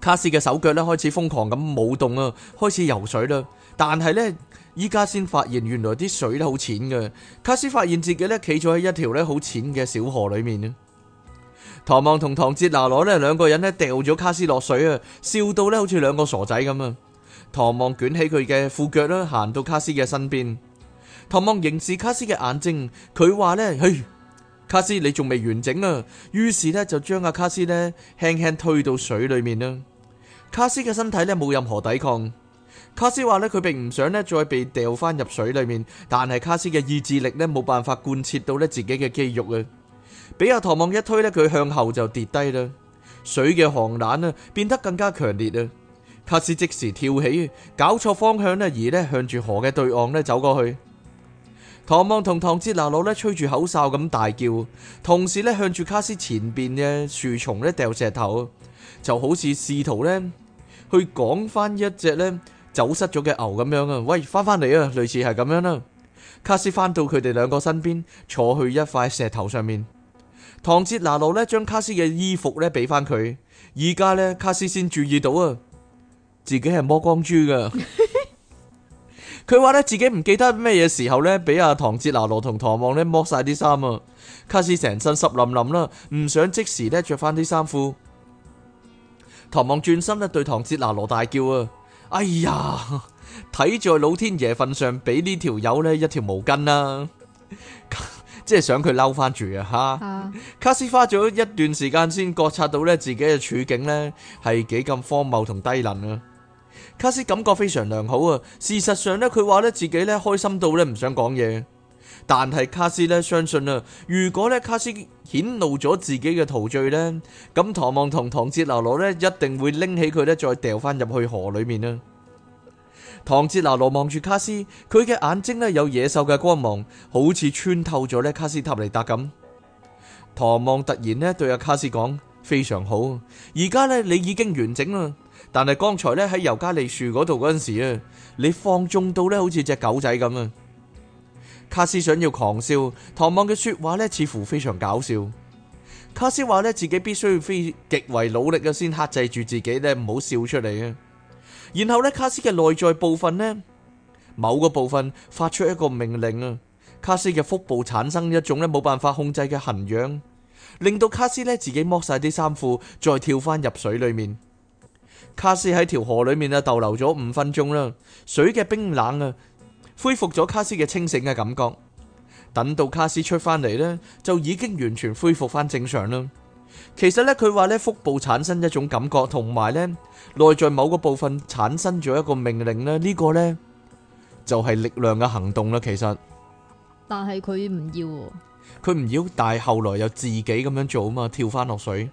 [SPEAKER 2] 卡斯嘅手腳呢開始瘋狂咁舞動啊，開始游水啦。但係呢，依家先發現原來啲水都好淺嘅。卡斯發現自己呢企咗喺一條呢好淺嘅小河裏面啊！唐望同唐哲拿羅呢兩個人呢掉咗卡斯落水啊，笑到呢好似兩個傻仔咁啊！唐望捲起佢嘅褲腳啦，行到卡斯嘅身邊。唐望凝視卡斯嘅眼睛，佢話呢。嘿。卡斯，你仲未完整啊！於是咧就將阿卡斯呢輕輕推到水裏面啦。卡斯嘅身體咧冇任何抵抗。卡斯話咧佢並唔想咧再被掉翻入水裏面，但係卡斯嘅意志力咧冇辦法貫徹到咧自己嘅肌肉啊！俾阿唐望一推咧，佢向後就跌低啦。水嘅寒冷啊，變得更加強烈啊！卡斯即時跳起，搞錯方向呢，而呢向住河嘅對岸咧走過去。唐望同唐哲拿羅咧吹住口哨咁大叫，同時咧向住卡斯前邊嘅樹叢咧掉石頭，就好似試圖咧去講翻一隻咧走失咗嘅牛咁樣啊！喂，翻返嚟啊！類似係咁樣啦。卡斯翻到佢哋兩個身邊，坐去一塊石頭上面。唐哲拿羅咧將卡斯嘅衣服咧俾翻佢。而家咧卡斯先注意到啊，自己係摸光豬噶。 佢話咧自己唔記得咩嘢時候咧，俾阿唐哲拿羅同唐望咧剝晒啲衫啊！卡斯成身濕淋淋啦，唔想即時咧着翻啲衫褲。唐望轉身咧對唐哲拿羅大叫啊！哎呀，睇在老天爺份上，俾呢條友呢一條毛巾啦，即係想佢嬲翻住啊。」吓。卡斯花咗一段時間先覺察到咧自己嘅處境呢係幾咁荒謬同低能啊！卡斯感覺非常良好啊，事實上咧，佢話咧自己咧開心到咧唔想講嘢，但係卡斯咧相信啊，如果咧卡斯顯露咗自己嘅陶醉咧，咁唐望同唐哲拿羅咧一定會拎起佢咧再掉翻入去河裏面啊。唐哲拿羅望住卡斯，佢嘅眼睛咧有野獸嘅光芒，好似穿透咗咧卡斯塔尼達咁。唐望突然咧對阿卡斯講：非常好，而家咧你已經完整啦。但係剛才咧喺尤加利樹嗰度嗰陣時啊，你放縱到咧，好似隻狗仔咁啊。卡斯想要狂笑，唐望嘅說話咧似乎非常搞笑。卡斯話咧自己必須要非極為努力嘅先克制住自己咧，唔好笑出嚟啊。然後咧，卡斯嘅內在部分呢，某個部分發出一個命令啊。卡斯嘅腹部產生一種咧冇辦法控制嘅痕癢，令到卡斯咧自己剝晒啲衫褲，再跳翻入水裏面。卡斯喺條河裏面啊逗留咗五分鐘啦，水嘅冰冷啊恢復咗卡斯嘅清醒嘅感覺。等到卡斯出翻嚟呢，就已經完全恢復翻正常啦。其實呢，佢話呢，腹部產生一種感覺，同埋呢內在某個部分產生咗一個命令咧，呢、呢個呢，就係力量嘅行動啦。其實，
[SPEAKER 1] 但係佢唔要、啊，
[SPEAKER 2] 佢唔要，但係後來又自己咁樣做啊嘛，跳翻落水。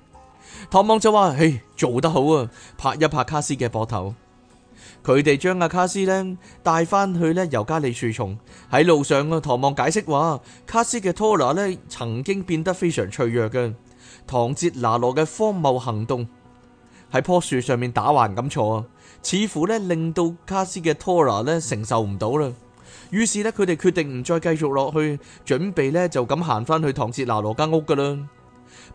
[SPEAKER 2] 唐望就話：嘿，做得好啊！拍一拍卡斯嘅膊頭，佢哋將阿卡斯咧，帶翻去咧尤加利樹叢。喺路上啊，唐望解釋話：卡斯嘅拖拿咧曾經變得非常脆弱嘅。唐哲拿羅嘅荒謬行動喺棵樹上面打橫咁坐，似乎咧令到卡斯嘅拖拿咧承受唔到啦。於是咧，佢哋決定唔再繼續落去，準備咧就咁行翻去唐哲拿羅間屋噶啦。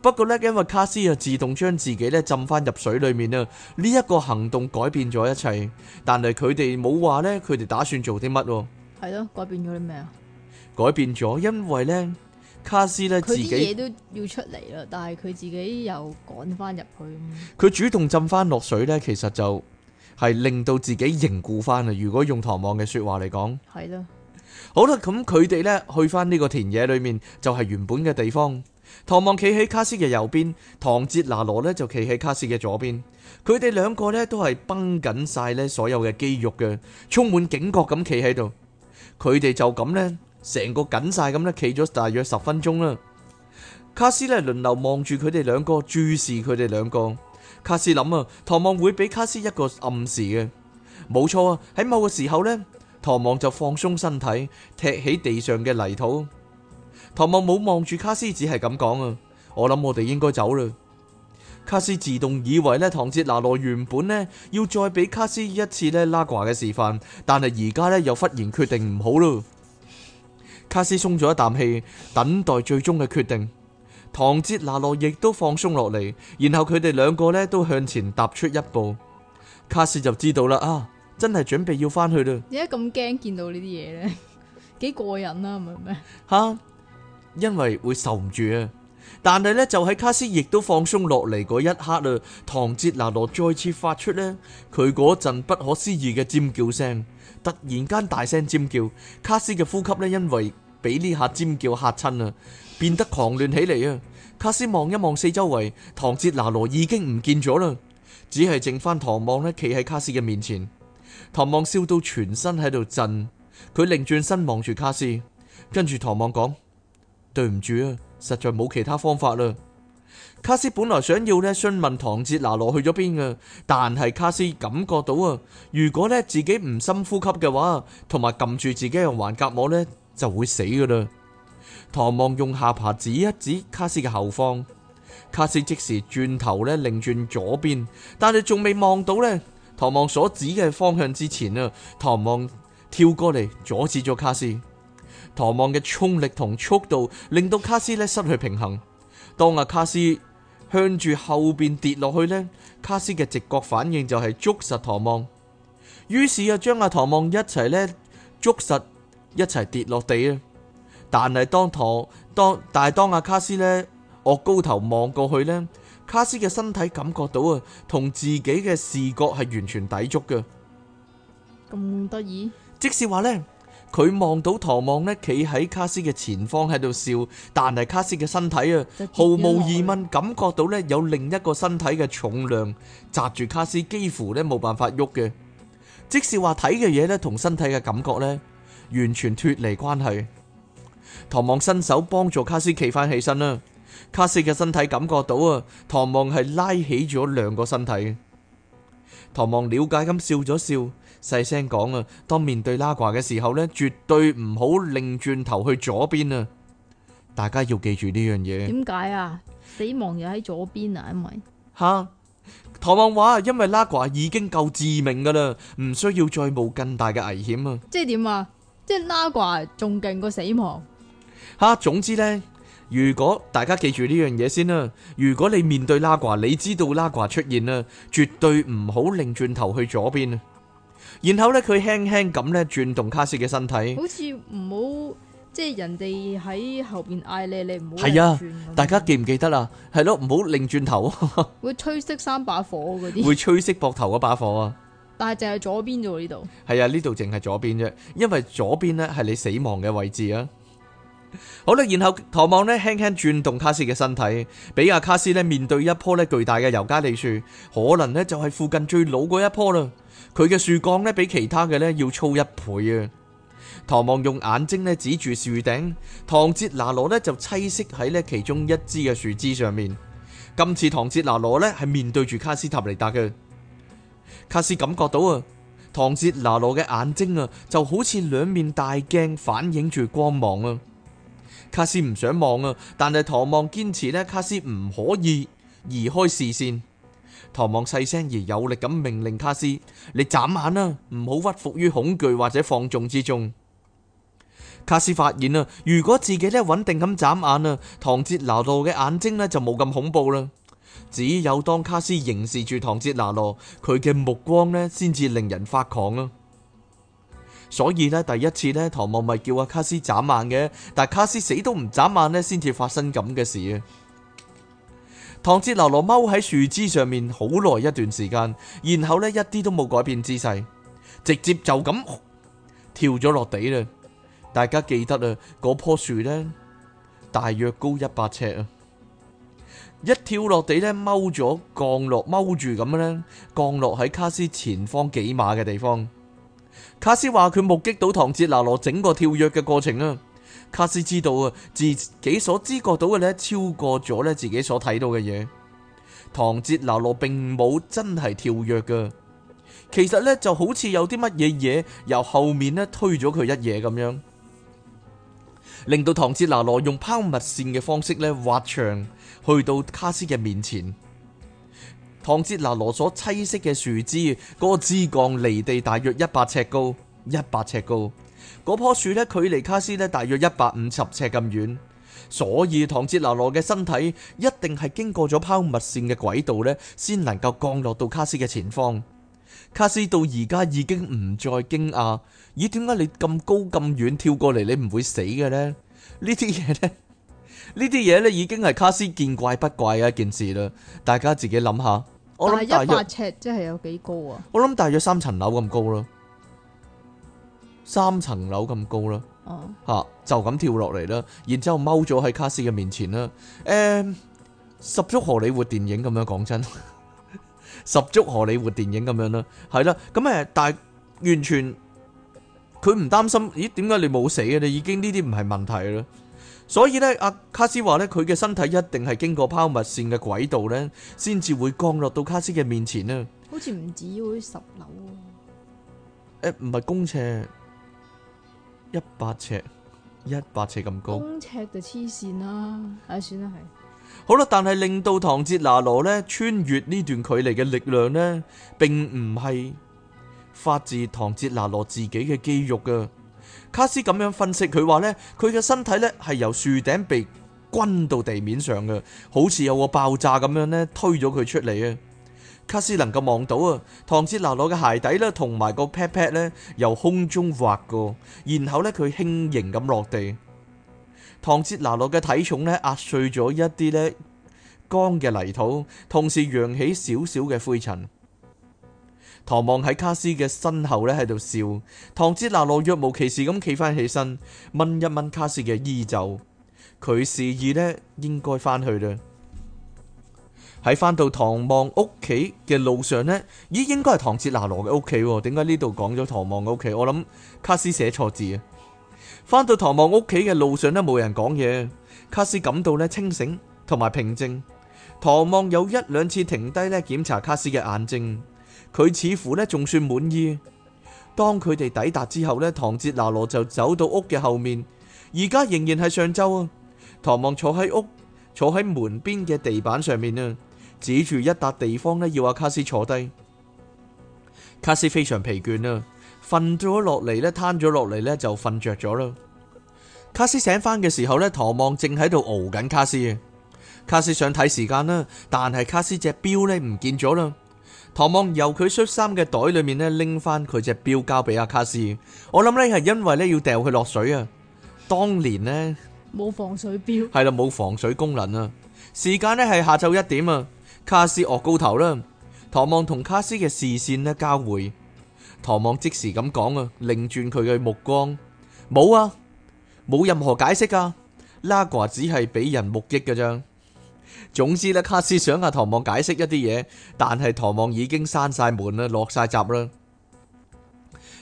[SPEAKER 2] 不過咧，因為卡斯啊自動將自己咧浸翻入水裏面啊，呢一個行動改變咗一切。但係佢哋冇話咧，佢哋打算做啲乜？
[SPEAKER 1] 係咯，改變咗啲咩啊？
[SPEAKER 2] 改變咗，因為咧，卡斯咧自己佢啲
[SPEAKER 1] 嘢都要出嚟啦，但係佢自己又趕翻入去。
[SPEAKER 2] 佢主動浸翻落水咧，其實就係令到自己凝固翻啊。如果用唐望嘅說話嚟講，係啦。好啦，咁佢哋咧去翻呢個田野裏面，就係原本嘅地方。唐望企喺卡斯嘅右邊，唐哲拿羅呢就企喺卡斯嘅左邊。佢哋兩個呢都係繃緊晒呢所有嘅肌肉嘅，充滿警覺咁企喺度。佢哋就咁呢，成個緊晒咁咧，企咗大約十分鐘啦。卡斯呢輪流望住佢哋兩個，注視佢哋兩個。卡斯諗啊，唐望會俾卡斯一個暗示嘅。冇錯啊，喺某個時候呢，唐望就放鬆身體，踢起地上嘅泥土。唐望冇望住卡斯，只係咁講啊！我諗我哋應該走啦。卡斯自動以為咧，唐哲拿羅原本咧要再俾卡斯一次咧拉掛嘅示範，但係而家咧又忽然決定唔好咯。卡斯鬆咗一啖氣，等待最終嘅決定。唐哲拿羅亦都放鬆落嚟，然後佢哋兩個咧都向前踏出一步。卡斯就知道啦啊！真係準備要翻去啦！而
[SPEAKER 1] 家咁驚見到呢啲嘢呢？幾 過癮啦、啊，係咪？
[SPEAKER 2] 吓、啊！因為會受唔住啊！但係呢，就喺卡斯亦都放鬆落嚟嗰一刻啦，唐哲拿羅再次發出呢，佢嗰陣不可思議嘅尖叫聲，突然間大聲尖叫。卡斯嘅呼吸呢，因為俾呢下尖叫吓親啊，變得狂亂起嚟啊！卡斯望一望四周圍，唐哲拿羅已經唔見咗啦，只係剩翻唐望呢企喺卡斯嘅面前。唐望笑到全身喺度震，佢擰轉身望住卡斯，跟住唐望講。對唔住啊，實在冇其他方法啦。卡斯本來想要咧詢問唐哲拿羅去咗邊啊，但係卡斯感覺到啊，如果咧自己唔深呼吸嘅話，同埋撳住自己嘅環甲膜咧，就會死噶啦。唐望用下巴指一指卡斯嘅後方，卡斯即時轉頭咧擰轉左邊，但係仲未望到呢，唐望所指嘅方向之前啊，唐望跳過嚟阻止咗卡斯。唐望嘅衝力同速度，令到卡斯咧失去平衡。當阿、啊、卡斯向住後邊跌落去呢，卡斯嘅直覺反應就係捉實唐望，於是啊，將阿、啊、唐望一齊咧捉實，一齊跌落地啊。但係當唐當，但係當阿、啊、卡斯咧，惡高頭望過去呢，卡斯嘅身體感覺到啊，同自己嘅視覺係完全抵觸噶。咁得意，即是話呢。佢望到唐望咧，企喺卡斯嘅前方喺度笑，但係卡斯嘅身體啊，毫無疑問感覺到咧有另一個身體嘅重量砸住卡斯，幾乎咧冇辦法喐嘅。即是話睇嘅嘢咧，同身體嘅感覺咧，完全脫離關係。唐望伸手幫助卡斯企翻起身啦，卡斯嘅身體感覺到啊，唐望係拉起咗兩個身體嘅。唐望了解咁笑咗笑。細聲講啊！當面對拉瓜嘅時候呢，絕對唔好擰轉頭去左邊啊！大家要記住呢樣嘢。點
[SPEAKER 1] 解啊？死亡又喺左邊啊？因為
[SPEAKER 2] 吓，唐望話，因為拉瓜已經夠致命噶啦，唔需要再冒更大嘅危險啊！
[SPEAKER 1] 即係點啊？即係拉瓜仲勁過死亡
[SPEAKER 2] 吓。總之呢，如果大家記住呢樣嘢先啦，如果你面對拉瓜，你知道拉瓜出現啊，絕對唔好擰轉頭去左邊。然後咧，佢輕輕咁咧轉動卡斯嘅身體，好
[SPEAKER 1] 似唔好即係人哋喺後邊嗌你，你唔好係啊！大家
[SPEAKER 2] 記唔記得啦？係咯， 唔好擰轉頭。
[SPEAKER 1] 會吹熄三把火嗰啲， 會
[SPEAKER 2] 吹熄膊頭嗰把火啊！
[SPEAKER 1] 但係淨係左邊啫，呢度
[SPEAKER 2] 係啊，呢度淨係左邊啫，因為左邊呢係你死亡嘅位置啊！ 好啦，然後唐望呢，輕輕轉動卡斯嘅身體，比亞卡斯呢面對一棵呢巨大嘅尤加利樹，可能呢就係附近最老嗰一棵啦。佢嘅樹幹咧比其他嘅咧要粗一倍啊！唐望用眼睛咧指住樹頂，唐哲拿羅咧就棲息喺咧其中一支嘅樹枝上面。今次唐哲拿羅咧係面對住卡斯塔尼達嘅。卡斯感覺到啊，唐哲拿羅嘅眼睛啊就好似兩面大鏡，反映住光芒啊。卡斯唔想望啊，但係唐望堅持呢，卡斯唔可以移開視線。唐望細聲而有力咁命令卡斯：你眨眼啦啊，唔好屈服於恐懼或者放縱之中。卡斯發現啦，如果自己咧穩定咁眨眼啦，唐哲拿羅嘅眼睛咧就冇咁恐怖啦。只有當卡斯凝視住唐哲拿羅，佢嘅目光咧先至令人發狂啊！所以咧，第一次咧，唐望咪叫阿卡斯眨眼嘅，但卡斯死都唔眨眼咧，先至發生咁嘅事啊！唐哲娜羅踎喺樹枝上面好耐一段時間，然後呢，一啲都冇改變姿勢，直接就咁跳咗落地啦。大家記得啊，嗰棵樹呢，大約高一百尺啊，一跳落地呢，踎咗降落踎住咁樣呢，降落喺卡斯前方幾碼嘅地方。卡斯話佢目擊到唐哲娜羅整個跳躍嘅過程啊。卡斯知道啊，自己所知覺到嘅咧，超過咗咧自己所睇到嘅嘢。唐哲拿羅並冇真係跳躍噶，其實呢就好似有啲乜嘢嘢由後面咧推咗佢一嘢咁樣，令到唐哲拿羅用拋物線嘅方式咧滑翔去到卡斯嘅面前。唐哲拿羅所棲息嘅樹枝嗰個枝幹離地大約一百尺高，一百尺高。嗰棵樹呢，距離卡斯呢大約一百五十尺咁遠，所以唐哲拿羅嘅身體一定係經過咗拋物線嘅軌道呢，先能夠降落到卡斯嘅前方。卡斯到而家已經唔再驚訝，咦？點解你咁高咁遠跳過嚟，你唔會死嘅呢？呢啲嘢呢， 呢啲嘢呢已經係卡斯見怪不怪嘅一件事啦。大家自己諗下。我大一百
[SPEAKER 1] 尺，即係有幾高啊？
[SPEAKER 2] 我諗大約三層樓咁高咯。三層樓咁高啦，吓就咁跳落嚟啦，然之後踎咗喺卡斯嘅面前啦，誒，十足荷里活電影咁樣講真，十足荷里活電影咁樣啦，係啦，咁誒，但係完全佢唔擔心，咦？點解你冇死啊？你已經呢啲唔係問題啦，所以咧，阿卡斯話咧，佢嘅身體一定係經過拋物線嘅軌道咧，先至會降落到卡斯嘅面前啦。
[SPEAKER 1] 好似唔止嗰啲十樓，
[SPEAKER 2] 誒，唔係公車。一百尺，一百尺咁高，公
[SPEAKER 1] 尺就黐線啦。唉、哎，算啦，係
[SPEAKER 2] 好啦。但係令到唐哲拿羅咧穿越呢段距離嘅力量呢，並唔係發自唐哲拿羅自己嘅肌肉噶。卡斯咁樣分析佢話呢，佢嘅身體呢係由樹頂被轟到地面上嘅，好似有個爆炸咁樣呢，推咗佢出嚟啊！卡斯能夠望到啊，唐哲拿落嘅鞋底咧，同埋個 pat pat 咧，由空中滑過，然後咧佢輕盈咁落地。唐哲拿落嘅體重咧，壓碎咗一啲咧乾嘅泥土，同時揚起少少嘅灰塵。唐望喺卡斯嘅身後咧喺度笑，唐哲拿落若無其事咁企翻起身，掹一掹卡斯嘅衣袖，佢示意咧應該翻去啦。喺翻到唐望屋企嘅路上呢，咦，應該係唐哲拿羅嘅屋企，點解呢度講咗唐望嘅屋企？我諗卡斯寫錯字啊！翻到唐望屋企嘅路上呢，冇人講嘢。卡斯感到咧清醒同埋平靜。唐望有一兩次停低咧檢查卡斯嘅眼睛，佢似乎咧仲算滿意。當佢哋抵達之後呢，唐哲拿羅就走到屋嘅後面。而家仍然係上周啊。唐望坐喺屋，坐喺門邊嘅地板上面啊。指住一笪地方咧，要阿卡斯坐低。卡斯非常疲倦啊，瞓咗落嚟咧，攤咗落嚟咧，就瞓着咗啦。卡斯醒翻嘅時候咧，唐望正喺度熬緊卡斯啊。卡斯想睇時間啦，但係卡斯隻表咧唔見咗啦。唐望由佢恤衫嘅袋裏面咧拎翻佢隻表交俾阿卡斯。我諗咧係因為咧要掉佢落水啊。當年呢，
[SPEAKER 1] 冇防水表，
[SPEAKER 2] 係啦，冇防水功能啊。時間呢，係下晝一點啊。卡斯惡高頭啦，唐望同卡斯嘅視線呢，交匯，唐望即時咁講啊，擰轉佢嘅目光，冇啊，冇任何解釋噶啊，拉瓜只係俾人目擊嘅啫。總之呢，卡斯想阿唐望解釋一啲嘢，但係唐望已經閂晒門啦，落晒閘啦。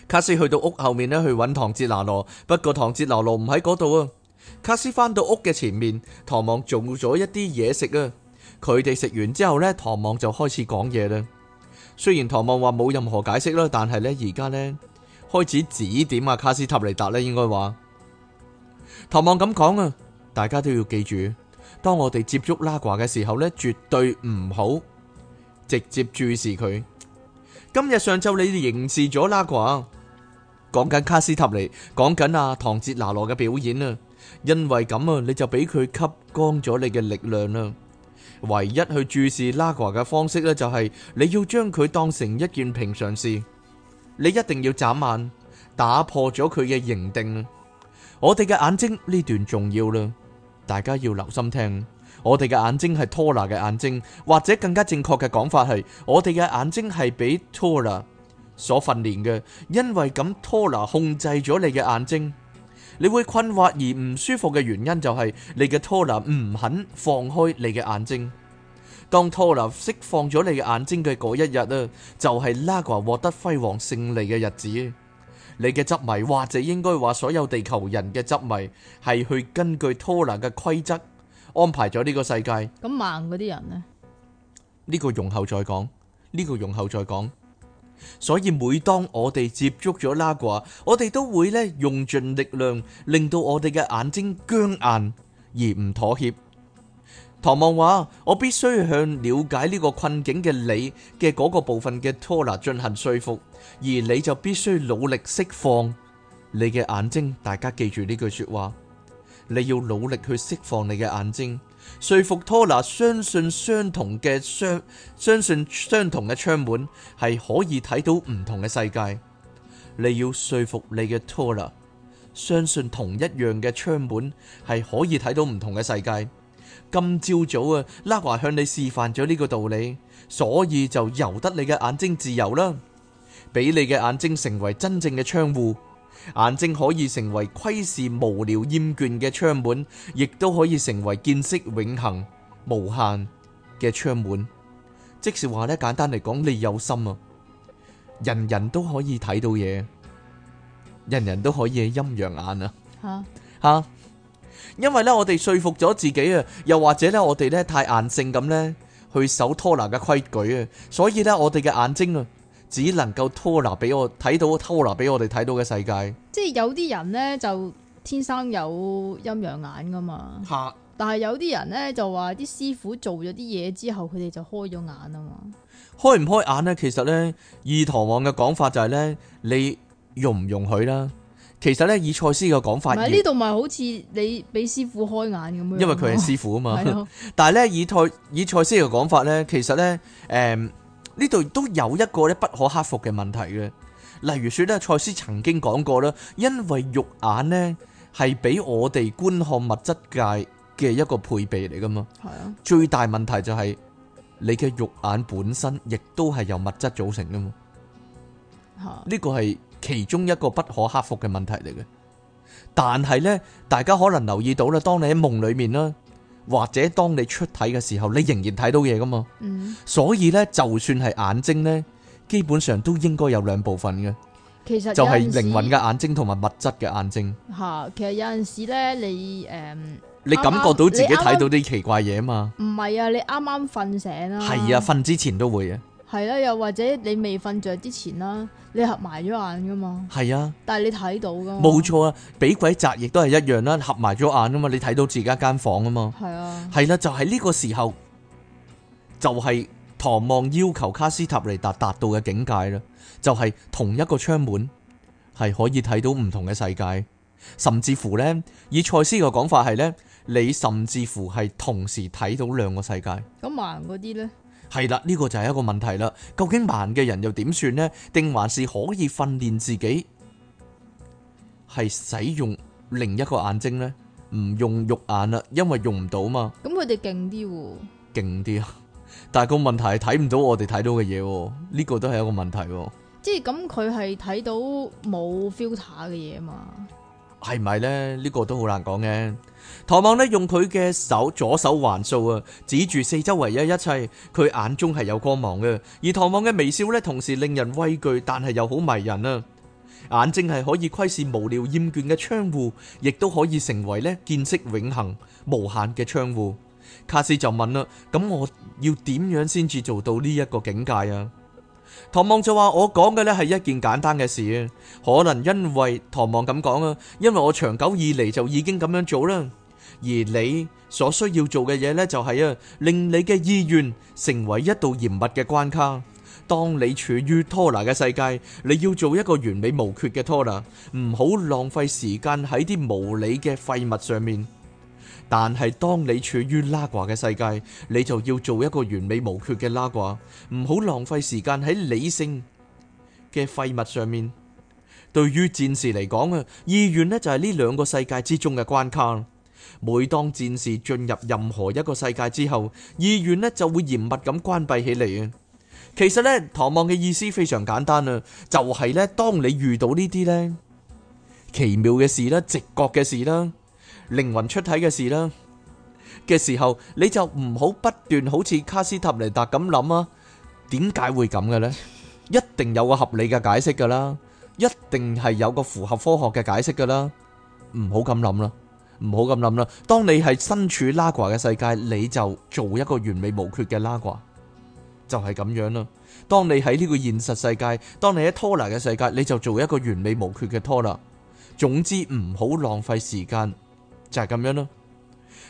[SPEAKER 2] 卡斯去到屋後面呢，去揾唐哲拿羅，不過唐哲拿羅唔喺嗰度啊。卡斯翻到屋嘅前面，唐望做咗一啲嘢食啊。佢哋食完之後呢，唐望就開始講嘢啦。雖然唐望話冇任何解釋啦，但係呢而家呢，開始指點啊卡斯塔尼達呢應該話唐望咁講啊，大家都要記住，當我哋接觸拉瓜嘅時候呢，絕對唔好直接注視佢。今日上晝你哋凝視咗拉瓜，講緊卡斯塔尼，講緊阿唐哲拿羅嘅表演啊，因為咁啊，你就俾佢吸光咗你嘅力量啦。唯一去注視拉格嘅方式咧，就係你要將佢當成一件平常事，你一定要眨眼，打破咗佢嘅認定。我哋嘅眼睛呢段重要啦，大家要留心聽。我哋嘅眼睛係托拉嘅眼睛，或者更加正確嘅講法係，我哋嘅眼睛係俾托拉所訓練嘅，因為咁托拉控制咗你嘅眼睛。你會困惑而唔舒服嘅原因就係你嘅拖拿唔肯放開你嘅眼睛。當拖拿釋放咗你嘅眼睛嘅嗰一日，呢就係拉格獲得輝煌勝利嘅日子。你嘅執迷或者應該話所有地球人嘅執迷係去根據拖拿嘅規則安排咗呢個世界。
[SPEAKER 1] 咁慢嗰啲人呢？
[SPEAKER 2] 呢個容後再講，呢、呢個容後再講。所以每當我哋接觸咗拉掛，我哋都會咧用盡力量，令到我哋嘅眼睛僵硬而唔妥協。唐望話：我必須向了解呢個困境嘅你嘅嗰個部分嘅拖拉進行說服，而你就必須努力釋放你嘅眼睛。大家記住呢句說話，你要努力去釋放你嘅眼睛。說服托納相信相同嘅相，相信相同嘅窗門係可以睇到唔同嘅世界。你要說服你嘅托納相信同一樣嘅窗門係可以睇到唔同嘅世界。今朝早啊，拉華向你示範咗呢個道理，所以就由得你嘅眼睛自由啦，俾你嘅眼睛成為真正嘅窗戶。眼睛可以成為窺視無聊厭倦嘅窗門，亦都可以成為見識永恒無限嘅窗門。即是話咧，簡單嚟講，你有心啊，人人都可以睇到嘢，人人都可以係陰陽眼啊。
[SPEAKER 1] 吓
[SPEAKER 2] 吓，因為咧，我哋說服咗自己啊，又或者咧，我哋咧太硬性咁咧去守拖拿嘅規矩啊，所以咧，我哋嘅眼睛啊。只能夠拖拿俾我睇到，拖拿俾我哋睇到嘅世界。
[SPEAKER 1] 即係有啲人咧就天生有陰陽
[SPEAKER 2] 眼噶嘛。嚇哈！
[SPEAKER 1] 但係有啲人咧就話啲師傅做咗啲嘢之後，佢哋就開咗眼啊嘛。
[SPEAKER 2] 開唔開眼咧？其實咧，以唐望嘅講法就係咧，你容唔容許啦。其實咧，以賽斯嘅講法，唔係呢
[SPEAKER 1] 度咪好似你俾師傅開眼咁樣。因為佢係師傅啊嘛。 哦、
[SPEAKER 2] 但係咧，以賽以賽斯嘅講法咧，其實咧，誒、嗯。呢度都有一個咧不可克服嘅問題嘅，例如説咧，賽斯曾經講過啦，因為肉眼咧係俾我哋觀看物質界嘅一個配備嚟噶嘛，係啊，最大問題就係你嘅肉眼本身亦都係由物質組成噶嘛，
[SPEAKER 1] 嚇，
[SPEAKER 2] 呢個係其中一個不可克服嘅問題嚟嘅，但係咧，大家可能留意到咧，當你喺夢裡面咧。或者當你出體嘅時候，你仍然睇到嘢㗎嘛？嗯、所以呢，就算係眼睛呢，基本上都應該有兩部分嘅，
[SPEAKER 1] 其實就係靈魂
[SPEAKER 2] 嘅眼睛同埋物質嘅眼睛。
[SPEAKER 1] 嚇，其實有陣時呢，你、嗯、誒，
[SPEAKER 2] 你感覺到自己睇剛到啲奇怪嘢嘛？
[SPEAKER 1] 唔係啊，你啱啱瞓醒啊。係啊，瞓
[SPEAKER 2] 之前都會嘅。
[SPEAKER 1] 係啦，又或者你未瞓着之前啦，你合埋咗眼噶嘛？係啊的，但係你睇到噶嘛？冇
[SPEAKER 2] 錯啊，俾鬼砸亦都係一樣啦，合埋咗眼噶嘛，你睇到自己間房啊嘛？係啊的，係啦，就係、是、呢個時候，就係、是、唐望要求卡斯塔尼達達到嘅境界啦，就係、是、同一個窗門係可以睇到唔同嘅世界，甚至乎呢，以賽斯嘅講法係呢，你甚至乎係同時睇到兩個世界。
[SPEAKER 1] 咁盲嗰啲呢？
[SPEAKER 2] 係啦，呢個就係一個問題啦。究竟盲嘅人又點算呢？定還是可以訓練自己係使用另一個眼睛呢？唔用肉眼啦，因為用唔到嘛。
[SPEAKER 1] 咁佢哋勁啲，
[SPEAKER 2] 勁啲啊！但係個問題係睇唔到我哋睇到嘅嘢，呢個都係一個問題。即
[SPEAKER 1] 係咁，佢係睇到冇 filter 嘅嘢嘛？
[SPEAKER 2] 係咪呢？呢、呢個都好難講嘅。唐望咧用佢嘅手，左手環掃啊，指住四周圍嘅一切，佢眼中係有光芒嘅。而唐望嘅微笑呢，同時令人畏懼，但係又好迷人啊！眼睛係可以窺視無聊厭倦嘅窗戶，亦都可以成為咧見識永恆無限嘅窗戶。卡斯就問啦，咁我要點樣先至做到呢一個境界啊？唐望就話：我講嘅呢係一件簡單嘅事啊，可能因為唐望咁講啊，因為我長久以嚟就已經咁樣做啦。而你所需要做嘅嘢呢，就係、是、啊，令你嘅意願成為一道嚴密嘅關卡。當你處於拖拿嘅世界，你要做一個完美無缺嘅拖拿，唔好浪費時間喺啲無理嘅廢物上面。但係當你處於 Nagual 嘅世界，你就要做一個完美無缺嘅 Nagual，唔好浪費時間喺理性嘅廢物上面。對於戰士嚟講啊，意願咧就係呢兩個世界之中嘅關卡。每當戰士進入任何一個世界之後，意願咧就會嚴密咁關閉起嚟啊。其實咧，唐望嘅意思非常簡單啊，就係咧，當你遇到呢啲咧奇妙嘅事啦、直覺嘅事啦。靈魂出體嘅事啦，嘅時候你就唔好不斷好似卡斯塔尼達咁諗啊。點解會咁嘅呢？一定有個合理嘅解釋噶啦，一定係有個符合科學嘅解釋噶啦。唔好咁諗啦，唔好咁諗啦。當你係身處 Nagual 嘅世界，你就做一個完美無缺嘅 Nagual，就係咁樣啦。當你喺呢個現實世界，當你喺拖拉嘅世界，你就做一個完美無缺嘅拖拉。總之唔好浪費時間。就係咁樣咯。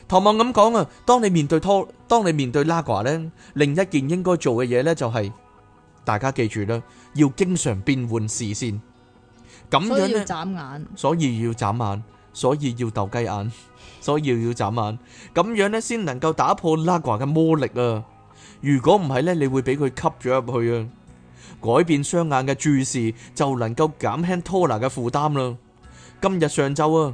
[SPEAKER 2] 唐望咁講啊，當你面對拖，當你面對拉掛咧，另一件應該做嘅嘢，咧就係，大家記住啦，要經常變換視線，咁樣咧，要眨眼，所以要眨眼，所以要鬥雞眼，所以要眨眼，咁樣咧先能夠打破拉掛嘅魔力啊！如果唔係咧，你會俾佢吸咗入去啊！改變雙眼嘅注視就能夠減輕拖拿嘅負擔啦。今日上晝啊！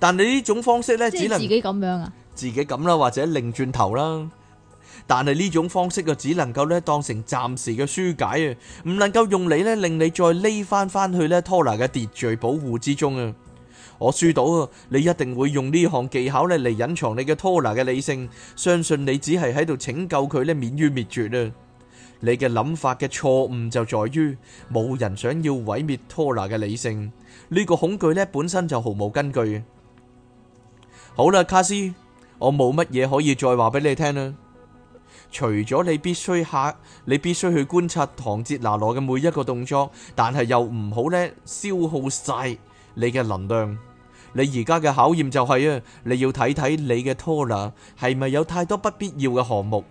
[SPEAKER 2] 但你呢種方式咧，只能自己咁樣啊，自己咁啦，或者擰轉頭啦。但係呢種方式就只能夠咧，當成暫時嘅舒解啊，唔能夠用你咧令你再匿翻翻去咧 Tonal 嘅秩序保護之中啊。我輸到啊，你一定會用呢項技巧咧嚟隱藏你嘅 Tonal 嘅理性。相信你只係喺度拯救佢咧免於滅絕啊。你嘅諗法嘅錯誤就在於冇人想要毀滅 Tonal 嘅理性。呢個恐懼咧本身就毫無根據。好啦，卡斯，我冇乜嘢可以再話俾你聽啦。除咗你必須下，你必須去觀察唐哲拿羅嘅每一個動作，但係又唔好呢消耗晒你嘅能量。你而家嘅考驗就係、是、啊，你要睇睇你嘅 tonal 係咪有太多不必要嘅項目。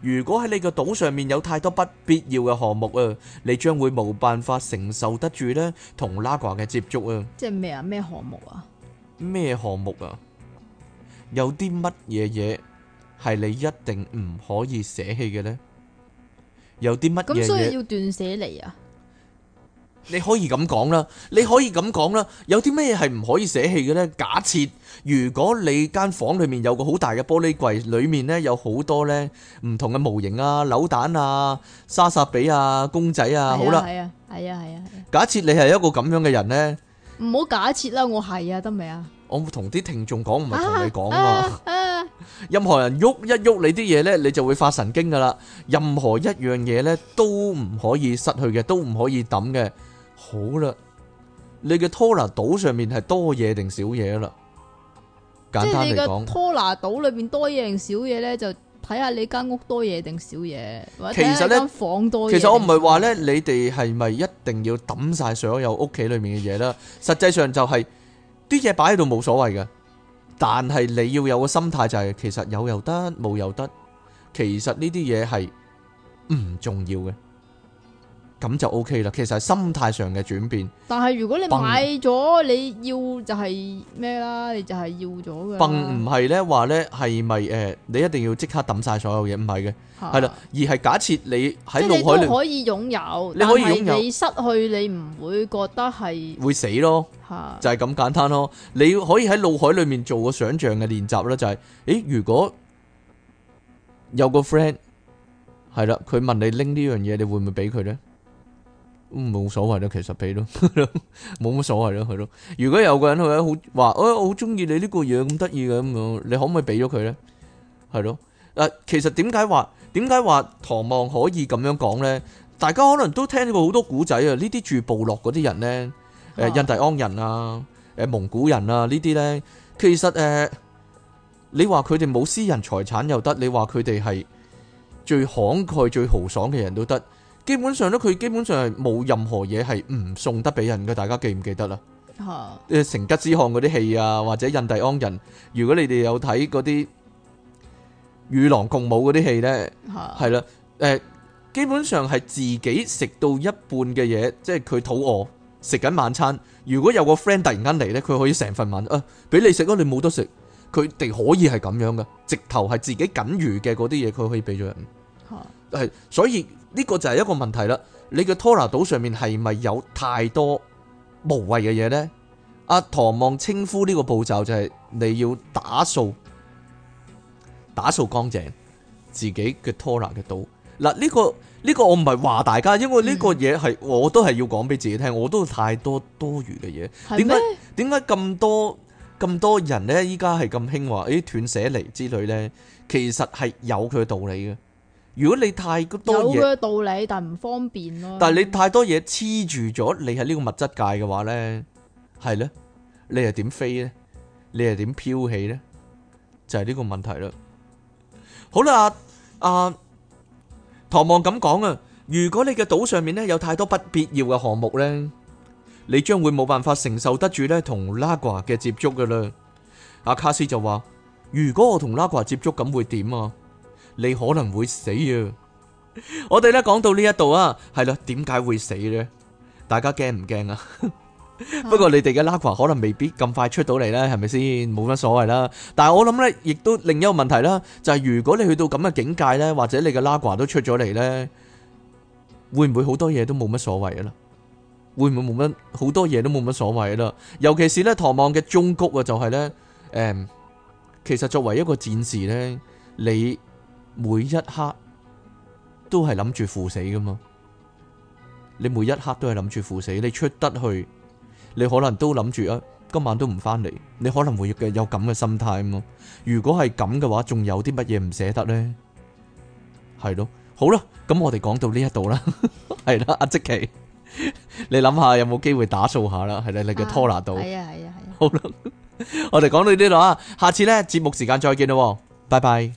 [SPEAKER 2] 如果喺你個島上面有太多不必要嘅項目啊，你將會冇辦法承受得住呢同 Nagual 嘅接觸啊。
[SPEAKER 1] 即係咩啊？咩項目啊？
[SPEAKER 2] 咩項目啊？有啲乜嘢嘢係你一定唔可以捨棄嘅呢？有啲乜嘢嘢？咁所以要
[SPEAKER 1] 斷捨離啊！
[SPEAKER 2] 你可以咁講啦，你可以咁講啦。有啲咩係唔可以捨棄嘅呢？假設如果你間房裏面有個好大嘅玻璃櫃，裏面呢有好多呢唔同嘅模型啊、扭蛋啊、莎莎比啊、公仔啊，好啦，
[SPEAKER 1] 係啊，係啊，係啊。
[SPEAKER 2] 假設你係一個咁樣嘅人呢，
[SPEAKER 1] 唔好假設啦，我係啊，得未啊？
[SPEAKER 2] 我冇同啲聽眾講，唔係同你講啊！任何人喐一喐你啲嘢咧，你就會發神經噶啦！任何一樣嘢咧，都唔可以失去嘅，都唔可以抌嘅。好啦，你嘅拖拿島上面係多嘢定少嘢啦？簡單嚟講，拖
[SPEAKER 1] 拿島裏邊多嘢定少嘢咧，就睇下你間屋多嘢定少嘢。其實咧，房多嘢。其實我
[SPEAKER 2] 唔係話咧，你哋係咪一定要抌晒所有屋企裏面嘅嘢啦？實際上就係。啲嘢擺喺度冇所謂嘅，但係你要有個心態就係，其實有又得，冇又得，其實呢啲嘢係唔重要嘅。咁就 OK 啦，其實係心態上嘅轉變。
[SPEAKER 1] 但係如果你買咗，了你要就係咩啦？你就係要咗嘅。並唔
[SPEAKER 2] 係咧，話咧係咪誒？你一定要即刻抌晒所有嘢？唔係嘅，係啦哈。而係假設你喺腦海裏可
[SPEAKER 1] 以擁有，你可以擁有，你失去你唔會覺得係
[SPEAKER 2] 會死咯？哈就係咁簡單咯。你可以喺腦海裏面做個想象嘅練習啦，就係誒，如果有個 friend 係啦，佢問你拎呢樣嘢，你會唔會俾佢咧？冇所謂咯，其實俾咯，冇乜所謂咯，係咯。如果有個人佢好話，誒，我好中意你呢個樣，咁得意嘅咁樣，你可唔可以俾咗佢咧？係咯，誒，其實點解話？點解話？唐望可以咁樣講咧？大家可能都聽過好多古仔啊。呢啲住部落嗰啲人咧，誒，印第安人啊，誒，蒙古人啊，呢啲咧，其實誒，你話佢哋冇私人財產又得，你話佢哋係最慷慨、最豪爽嘅人都得。基本上咧，佢基本上係冇任何嘢係唔送得俾人嘅。大家記唔記得啦？誒，《成吉思汗》嗰啲戲啊，或者《印第安人》，如果你哋有睇嗰啲《與狼共舞》嗰啲戲咧，係啦，誒，基本上係自己食到一半嘅嘢，即係佢肚餓食緊晚餐。如果有個 friend 突然間嚟咧，佢可以成份晚啊俾你食咯，你冇得食，佢哋可以係咁樣嘅，直頭係自己僅餘嘅嗰啲嘢，佢可以俾咗人。係，所以。呢個就係一個問題啦，你嘅拖拿島上面係咪有太多無謂嘅嘢呢？阿唐望稱呼呢個步驟就係你要打掃、打掃乾淨自己嘅拖拿嘅島。嗱，呢個呢個我唔係話大家，因為呢個嘢係我都係要講俾自己聽，我都太多多餘嘅嘢。點解點解咁多咁多人呢？依家係咁興話誒，斷捨離之類呢，其實係有佢嘅道理嘅。如果你太多嘢，有嘅
[SPEAKER 1] 道理，但係唔方便咯。但係你
[SPEAKER 2] 太多嘢黐住咗，你喺呢個物質界嘅話咧，係咧，你又點飛咧？你又點飄起咧？就係呢個問題啦。好啦，阿阿唐望咁講啊，如果你嘅島上面咧有太多不必要嘅項目咧，你將會冇辦法承受得住咧同拉呱嘅接觸㗎啦。阿卡斯就話：如果我同拉呱接觸，咁會點啊？你可能會死啊！我哋咧講到呢一度啊，係啦，點解會死咧？大家驚唔驚啊？不過你哋嘅拉瓜可能未必咁快出到嚟，咧，係咪先？冇乜所謂啦。但係我諗咧，亦都另一個問題啦，就係如果你去到咁嘅境界咧，或者你嘅拉瓜都出咗嚟咧，會唔會好多嘢都冇乜所謂㗎啦？會唔會冇乜好多嘢都冇乜所謂啦？尤其是咧，唐望嘅中谷啊，就係咧，誒，其實作為一個戰士咧，你。每一刻都係諗住赴死噶嘛，你每一刻都係諗住赴死，你出得去，你可能都諗住啊，今晚都唔翻嚟，你可能會嘅有咁嘅心態嘛。如果係咁嘅話，仲有啲乜嘢唔捨得呢？係咯，好啦，咁我哋講到呢一度啦，係啦，阿即奇，你諗下有冇機會打掃下啦，係啦，你嘅拖拿度，係啊係啊係啊，好啦，我哋講到呢度啊，下次呢節目時間再見咯，拜拜。